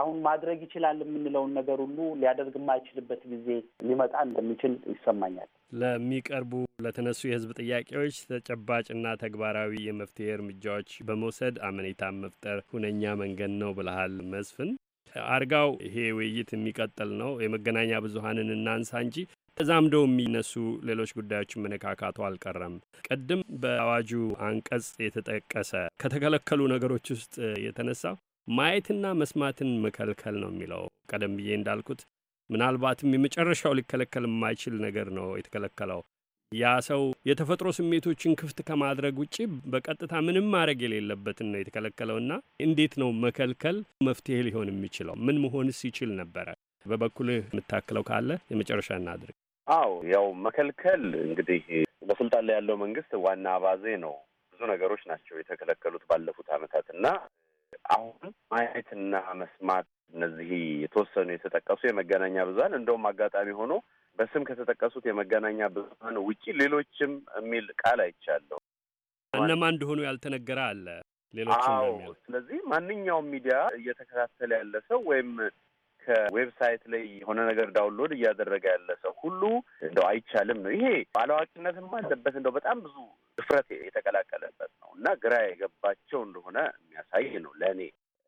አሁን ማድረግ ይችላል የምንለውን ነገር ሁሉ ሊያደርግ የማይችልበት ጊዜ ሊመጣ እንደሚችል ይሰማኛል። ለሚቀርቡ ለተነሱ የህዝብ ጥያቄዎች ተጨባጭና ተግባራዊ የመፍትሄ እርምጃዎች በመውሰድ አመኔታን መፍጠር ሁነኛ መንገድ ነው ብለሃል መስፍን። አርጋው፣ ይሄ ውይይት የሚቀጥል ነው። የመገናኛ ብዙሀንን እናንሳ እንጂ ተዛምደው የሚነሱ ሌሎች ጉዳዮችን መነካካቱ አልቀረም። ቅድም በአዋጁ አንቀጽ የተጠቀሰ ከተከለከሉ ነገሮች ውስጥ የተነሳው ማየትና መስማትን መከልከል ነው የሚለው ቀደም ብዬ እንዳልኩት ምናልባትም የመጨረሻው ሊከለከል የማይችል ነገር ነው የተከለከለው። ያ ሰው የተፈጥሮ ስሜቶችን ክፍት ከማድረግ ውጭ በቀጥታ ምንም ማድረግ የሌለበትን ነው የተከለከለውና እንዴት ነው መከልከል መፍትሄ ሊሆን የሚችለው? ምን መሆንስ ይችል ነበረ? በበኩልህ የምታክለው ካለ የመጨረሻ እናድርግ። አዎ ያው መከልከል እንግዲህ በስልጣን ላይ ያለው መንግስት ዋና አባዜ ነው። ብዙ ነገሮች ናቸው የተከለከሉት ባለፉት አመታት እና አሁን ማየትና መስማት እነዚህ የተወሰኑ የተጠቀሱ የመገናኛ ብዙኃን እንደውም አጋጣሚ ሆኖ በስም ከተጠቀሱት የመገናኛ ብዙሀን ውጪ ሌሎችም የሚል ቃል አይቻለሁ። እነማን እንደሆኑ ያልተነገረ አለ። ሌሎችም ስለዚህ ማንኛውም ሚዲያ እየተከታተለ ያለ ሰው ወይም ከዌብሳይት ላይ የሆነ ነገር ዳውንሎድ እያደረገ ያለ ሰው ሁሉ እንደው አይቻልም ነው። ይሄ አላዋቂነትም አለበት እንደው በጣም ብዙ ድፍረት የተቀላቀለበት ነው እና ግራ የገባቸው እንደሆነ የሚያሳይ ነው። ለእኔ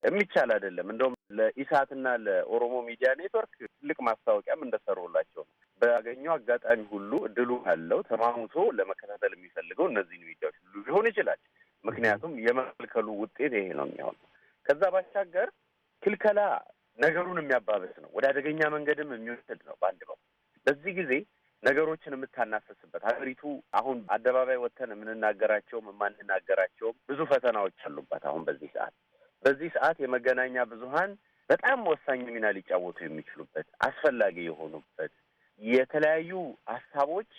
የሚቻል አይደለም እንደውም ለኢሳትና ለኦሮሞ ሚዲያ ኔትወርክ ትልቅ ማስታወቂያም እንደሰሩላቸው ነው። ባገኘው አጋጣሚ ሁሉ እድሉ ካለው ተማሙቶ ለመከታተል የሚፈልገው እነዚህን ሚዲያዎች ሁሉ ሊሆን ይችላል። ምክንያቱም የመከልከሉ ውጤት ይሄ ነው የሚሆነው። ከዛ ባሻገር ክልከላ ነገሩን የሚያባብስ ነው፣ ወደ አደገኛ መንገድም የሚወስድ ነው። በአንድ በኩል በዚህ ጊዜ ነገሮችን የምታናፈስበት ሀገሪቱ አሁን አደባባይ ወጥተን የምንናገራቸውም የማንናገራቸውም ብዙ ፈተናዎች አሉባት። አሁን በዚህ ሰዓት በዚህ ሰዓት የመገናኛ ብዙሀን በጣም ወሳኝ ሚና ሊጫወቱ የሚችሉበት አስፈላጊ የሆኑበት የተለያዩ ሀሳቦች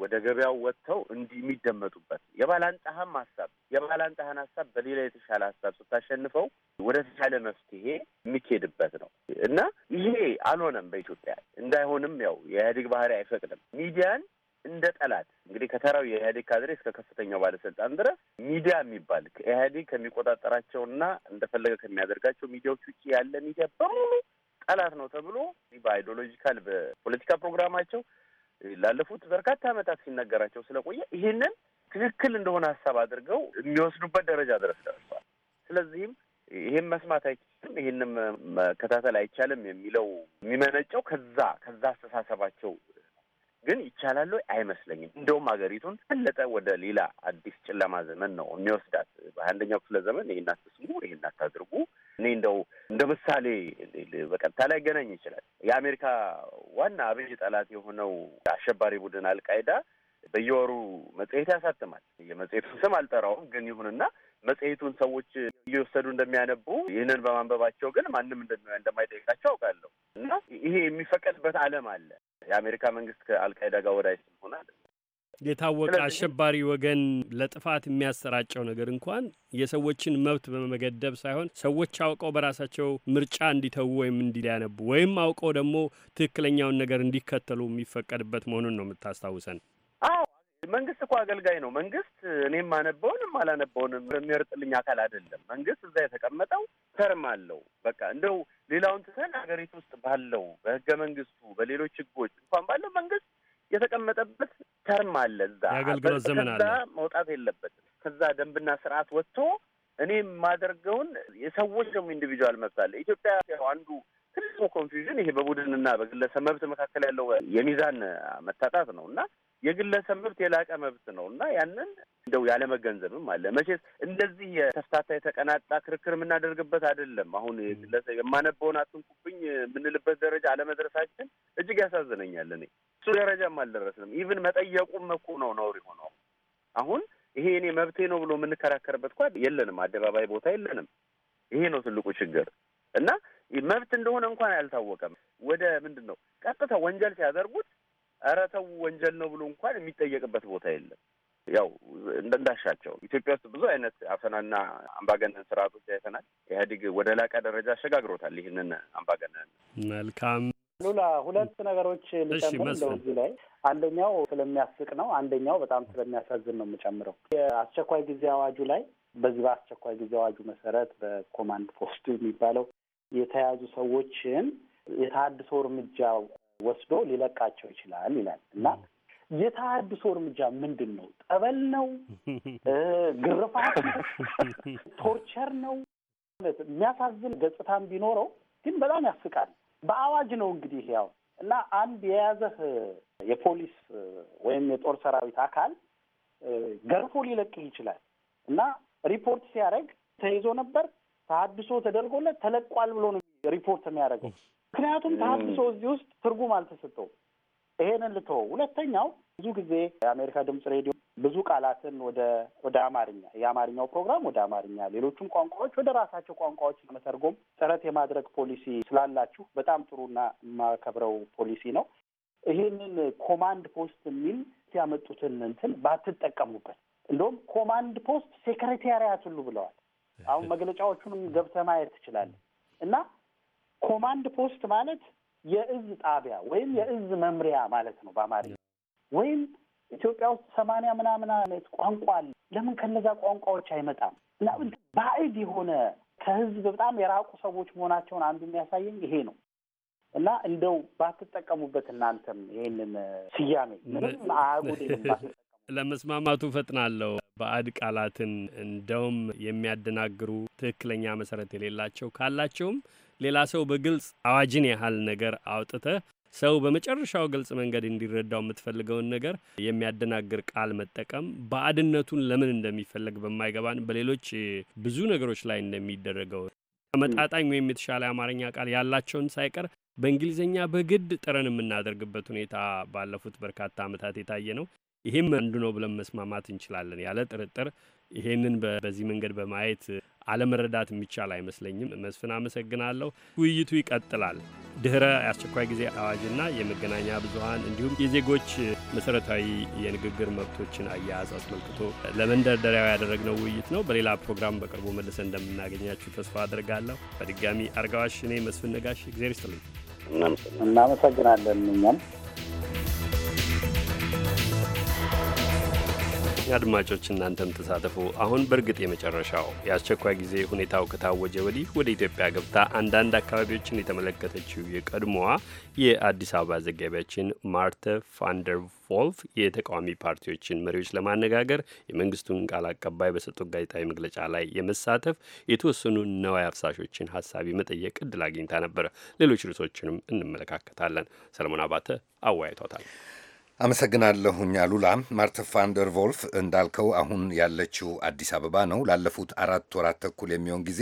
ወደ ገበያው ወጥተው እንዲህ የሚደመጡበት የባላንጣህም ሀሳብ የባላንጣህን ሀሳብ በሌላ የተሻለ ሀሳብ ስታሸንፈው ወደ ተሻለ መፍትሄ የሚኬድበት ነው እና ይሄ አልሆነም። በኢትዮጵያ እንዳይሆንም ያው የኢህአዴግ ባህሪ አይፈቅድም። ሚዲያን እንደ ጠላት እንግዲህ ከተራው የኢህአዴግ ካድሬ እስከ ከፍተኛው ባለስልጣን ድረስ ሚዲያ የሚባል ኢህአዴግ ከሚቆጣጠራቸውና እንደፈለገ ከሚያደርጋቸው ሚዲያዎች ውጭ ያለ ሚዲያ በሙሉ ጠላት ነው ተብሎ በአይዲዮሎጂካል በፖለቲካ ፕሮግራማቸው ላለፉት በርካታ ዓመታት ሲነገራቸው ስለቆየ ይህንን ትክክል እንደሆነ ሀሳብ አድርገው የሚወስዱበት ደረጃ ድረስ ደርሷል። ስለዚህም ይህም መስማት አይችልም፣ ይህንም መከታተል አይቻልም የሚለው የሚመነጨው ከዛ ከዛ አስተሳሰባቸው ግን ይቻላል አይመስለኝም። እንደውም ሀገሪቱን ፈለጠ ወደ ሌላ አዲስ ጨለማ ዘመን ነው የሚወስዳት። በአንደኛው ክፍለ ዘመን ይህን አትስሙ፣ ይህን አታድርጉ። እኔ እንደው እንደ ምሳሌ በቀጥታ ላይ ገናኝ ይችላል። የአሜሪካ ዋና አብይ ጠላት የሆነው አሸባሪ ቡድን አልቃይዳ በየወሩ መጽሔት ያሳትማል። የመጽሔቱን ስም አልጠራውም፣ ግን ይሁንና መጽሔቱን ሰዎች እየወሰዱ እንደሚያነቡ ይህንን በማንበባቸው ግን ማንም እንደማይጠይቃቸው አውቃለሁ እና ይሄ የሚፈቀድበት ዓለም አለ። የአሜሪካ መንግስት ከአልቃይዳ ጋር ወዳጅ ሆናል። የታወቀ አሸባሪ ወገን ለጥፋት የሚያሰራጨው ነገር እንኳን የሰዎችን መብት በመገደብ ሳይሆን ሰዎች አውቀው በራሳቸው ምርጫ እንዲተዉ ወይም እንዲያነቡ ወይም አውቀው ደግሞ ትክክለኛውን ነገር እንዲከተሉ የሚፈቀድበት መሆኑን ነው የምታስታውሰን። መንግስት እኮ አገልጋይ ነው። መንግስት እኔም ማነበውንም አላነበውንም የሚመርጥልኝ አካል አይደለም። መንግስት እዛ የተቀመጠው ተርም አለው። በቃ እንደው ሌላውን ትተን ሀገሪቱ ውስጥ ባለው በህገ መንግስቱ በሌሎች ህጎች እንኳን ባለው መንግስት የተቀመጠበት ተርም አለ። እዛ የአገልግሎት ዘመን አለ። መውጣት የለበትም ከዛ ደንብና ስርዓት ወጥቶ እኔ የማደርገውን የሰዎች ደግሞ ኢንዲቪጁዋል መብት አለ። ኢትዮጵያ አንዱ ትልቁ ኮንፊውዥን ይሄ በቡድንና በግለሰብ መብት መካከል ያለው የሚዛን መታጣት ነው እና የግለሰብ መብት የላቀ መብት ነው እና ያንን እንደው ያለመገንዘብም አለ። መቼስ እንደዚህ የተፍታታ የተቀናጣ ክርክር የምናደርግበት አይደለም። አሁን የግለሰብ የማነበውን አትንኩብኝ የምንልበት ደረጃ አለመድረሳችን እጅግ ያሳዝነኛል። እኔ እሱ ደረጃም አልደረስንም። ኢቭን መጠየቁም እኮ ነው ነውር የሆነው። አሁን ይሄ እኔ መብቴ ነው ብሎ የምንከራከርበት ኳ የለንም፣ አደባባይ ቦታ የለንም። ይሄ ነው ትልቁ ችግር እና መብት እንደሆነ እንኳን አልታወቀም። ወደ ምንድን ነው ቀጥታ ወንጀል ሲያደርጉት ኧረ ተው ወንጀል ነው ብሎ እንኳን የሚጠየቅበት ቦታ የለም። ያው እንደንዳሻቸው ኢትዮጵያ ውስጥ ብዙ አይነት አፈናና አምባገነን ስርዓቶች አይተናል። ኢህአዴግ ወደ ላቀ ደረጃ አሸጋግሮታል ይህንን አምባገነን። መልካም ሉላ፣ ሁለት ነገሮች ልጨምር እዚህ ላይ አንደኛው ስለሚያስቅ ነው፣ አንደኛው በጣም ስለሚያሳዝን ነው የምጨምረው። የአስቸኳይ ጊዜ አዋጁ ላይ በዚህ በአስቸኳይ ጊዜ አዋጁ መሰረት በኮማንድ ፖስቱ የሚባለው የተያዙ ሰዎችን የተሃድሶ እርምጃ ወስዶ ሊለቃቸው ይችላል ይላል እና የተሃድሶ እርምጃ ምንድን ነው? ጠበል ነው? ግርፋት ነው? ቶርቸር ነው? የሚያሳዝን ገጽታም ቢኖረው ግን በጣም ያስቃል። በአዋጅ ነው እንግዲህ ያው እና አንድ የያዘህ የፖሊስ ወይም የጦር ሰራዊት አካል ገርፎ ሊለቅህ ይችላል እና ሪፖርት ሲያደርግ ተይዞ ነበር ተሀድሶ ተደርጎለት ተለቋል ብሎ ነው ሪፖርት የሚያደርገው ምክንያቱም ተሀድሶ እዚህ ውስጥ ትርጉም አልተሰጠው። ይሄንን ልቶ ሁለተኛው ብዙ ጊዜ የአሜሪካ ድምፅ ሬዲዮ ብዙ ቃላትን ወደ ወደ አማርኛ የአማርኛው ፕሮግራም ወደ አማርኛ ሌሎቹም ቋንቋዎች ወደ ራሳቸው ቋንቋዎች ለመተርጎም ጥረት የማድረግ ፖሊሲ ስላላችሁ በጣም ጥሩና የማከብረው ፖሊሲ ነው። ይህንን ኮማንድ ፖስት የሚል ያመጡትን እንትን ባትጠቀሙበት። እንደውም ኮማንድ ፖስት ሴክሬታሪያት ሁሉ ብለዋል። አሁን መግለጫዎቹንም ገብተህ ማየት ትችላለህ እና ኮማንድ ፖስት ማለት የእዝ ጣቢያ ወይም የእዝ መምሪያ ማለት ነው በአማርኛ ወይም ኢትዮጵያ ውስጥ ሰማንያ ምናምን አይነት ቋንቋ አለ። ለምን ከነዛ ቋንቋዎች አይመጣም? እና ባዕድ የሆነ ከህዝብ በጣም የራቁ ሰዎች መሆናቸውን አንዱ የሚያሳየኝ ይሄ ነው። እና እንደው ባትጠቀሙበት እናንተም ይሄንን ስያሜ ምንም አያጉድ ለመስማማቱ ፈጥናለሁ። ባዕድ ቃላትን እንደውም የሚያደናግሩ ትክክለኛ መሰረት የሌላቸው ካላቸውም ሌላ ሰው በግልጽ አዋጅን ያህል ነገር አውጥተህ ሰው በመጨረሻው ግልጽ መንገድ እንዲረዳው የምትፈልገውን ነገር የሚያደናግር ቃል መጠቀም ባዕድነቱን ለምን እንደሚፈለግ በማይገባን በሌሎች ብዙ ነገሮች ላይ እንደሚደረገው ተመጣጣኝ ወይም የተሻለ አማርኛ ቃል ያላቸውን ሳይቀር በእንግሊዝኛ በግድ ጥረን የምናደርግበት ሁኔታ ባለፉት በርካታ ዓመታት የታየ ነው። ይሄም አንዱ ነው ብለን መስማማት እንችላለን። ያለ ጥርጥር ይሄንን በዚህ መንገድ በማየት አለመረዳት የሚቻል አይመስለኝም። መስፍን አመሰግናለሁ። ውይይቱ ይቀጥላል። ድህረ የአስቸኳይ ጊዜ አዋጅና የመገናኛ ብዙኃን እንዲሁም የዜጎች መሰረታዊ የንግግር መብቶችን አያያዝ አስመልክቶ ለመንደርደሪያው ያደረግነው ውይይት ነው። በሌላ ፕሮግራም በቅርቡ መልሰን እንደምናገኛችሁ ተስፋ አድርጋለሁ። በድጋሚ አርጋዋሽ፣ እኔ መስፍን ነጋሽ፣ እግዜር ይስጥልኝ። እናመሰግናለን እኛም አድማጮች እናንተም ተሳተፉ። አሁን በእርግጥ የመጨረሻው የአስቸኳይ ጊዜ ሁኔታው ከታወጀ ወዲህ ወደ ኢትዮጵያ ገብታ አንዳንድ አካባቢዎችን የተመለከተችው የቀድሞዋ የአዲስ አበባ ዘጋቢያችን ማርተ ፋንደር ቮልፍ የተቃዋሚ ፓርቲዎችን መሪዎች ለማነጋገር የመንግስቱን ቃል አቀባይ በሰጡት ጋዜጣዊ መግለጫ ላይ የመሳተፍ የተወሰኑ ነዋይ አፍሳሾችን ሀሳብ የመጠየቅ እድል አግኝታ ነበር። ሌሎች ርዕሶችንም እንመለካከታለን። ሰለሞን አባተ አወያይቷታል። አመሰግናለሁኝ አሉላ። ማርተ ፋንደር ቮልፍ እንዳልከው አሁን ያለችው አዲስ አበባ ነው። ላለፉት አራት ወራት ተኩል የሚሆን ጊዜ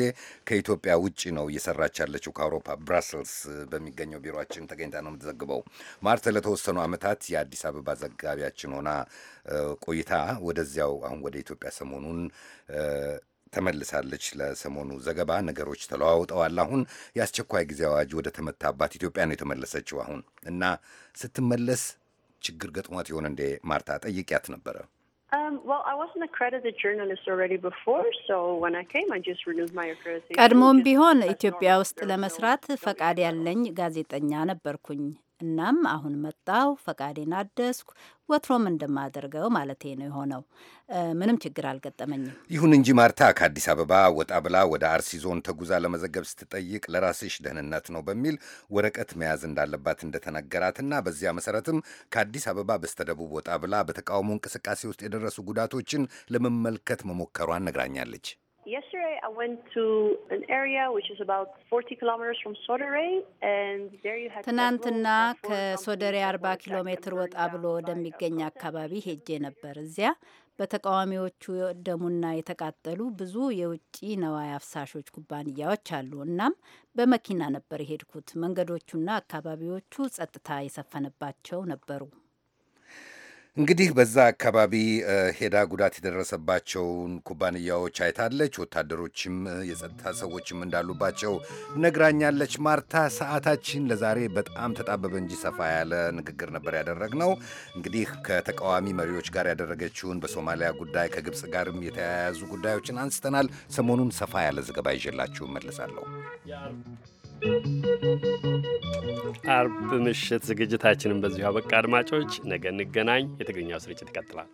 ከኢትዮጵያ ውጭ ነው እየሰራች ያለችው። ከአውሮፓ ብራሰልስ በሚገኘው ቢሮችን ተገኝታ ነው የምትዘግበው። ማርተ ለተወሰኑ ዓመታት የአዲስ አበባ ዘጋቢያችን ሆና ቆይታ ወደዚያው አሁን ወደ ኢትዮጵያ ሰሞኑን ተመልሳለች። ለሰሞኑ ዘገባ ነገሮች ተለዋውጠዋል። አሁን የአስቸኳይ ጊዜ አዋጅ ወደ ተመታባት ኢትዮጵያ ነው የተመለሰችው አሁን እና ስትመለስ ችግር ገጥሟት ይሆን እንዴ? ማርታ ጠይቂያት ነበረ። um, ቀድሞም ቢሆን ኢትዮጵያ ውስጥ ለመስራት ፈቃድ ያለኝ ጋዜጠኛ ነበርኩኝ። እናም አሁን መጣው ፈቃዴን አደስኩ ወትሮም እንደማደርገው ማለቴ ነው የሆነው። ምንም ችግር አልገጠመኝም። ይሁን እንጂ ማርታ ከአዲስ አበባ ወጣ ብላ ወደ አርሲ ዞን ተጉዛ ለመዘገብ ስትጠይቅ ለራስሽ ደህንነት ነው በሚል ወረቀት መያዝ እንዳለባት እንደተነገራትና በዚያ መሰረትም ከአዲስ አበባ በስተደቡብ ወጣ ብላ በተቃውሞ እንቅስቃሴ ውስጥ የደረሱ ጉዳቶችን ለመመልከት መሞከሯን ነግራኛለች። ትናንትና ከሶደሬ 40 ኪሎ ሜትር ወጣ ብሎ ወደሚገኝ አካባቢ ሄጄ ነበር። እዚያ በተቃዋሚዎቹ የወደሙና የተቃጠሉ ብዙ የውጭ ነዋይ አፍሳሾች ኩባንያዎች አሉ። እናም በመኪና ነበር የሄድኩት። መንገዶቹና አካባቢዎቹ ጸጥታ የሰፈነባቸው ነበሩ። እንግዲህ በዛ አካባቢ ሄዳ ጉዳት የደረሰባቸውን ኩባንያዎች አይታለች። ወታደሮችም የጸጥታ ሰዎችም እንዳሉባቸው ነግራኛለች። ማርታ፣ ሰዓታችን ለዛሬ በጣም ተጣበበ እንጂ ሰፋ ያለ ንግግር ነበር ያደረግነው። እንግዲህ ከተቃዋሚ መሪዎች ጋር ያደረገችውን በሶማሊያ ጉዳይ ከግብፅ ጋርም የተያያዙ ጉዳዮችን አንስተናል። ሰሞኑን ሰፋ ያለ ዘገባ ይዤላችሁ እመለሳለሁ። አርብ ምሽት ዝግጅታችንን በዚሁ አበቃ። አድማጮች ነገ እንገናኝ። የትግርኛው ስርጭት ይቀጥላል።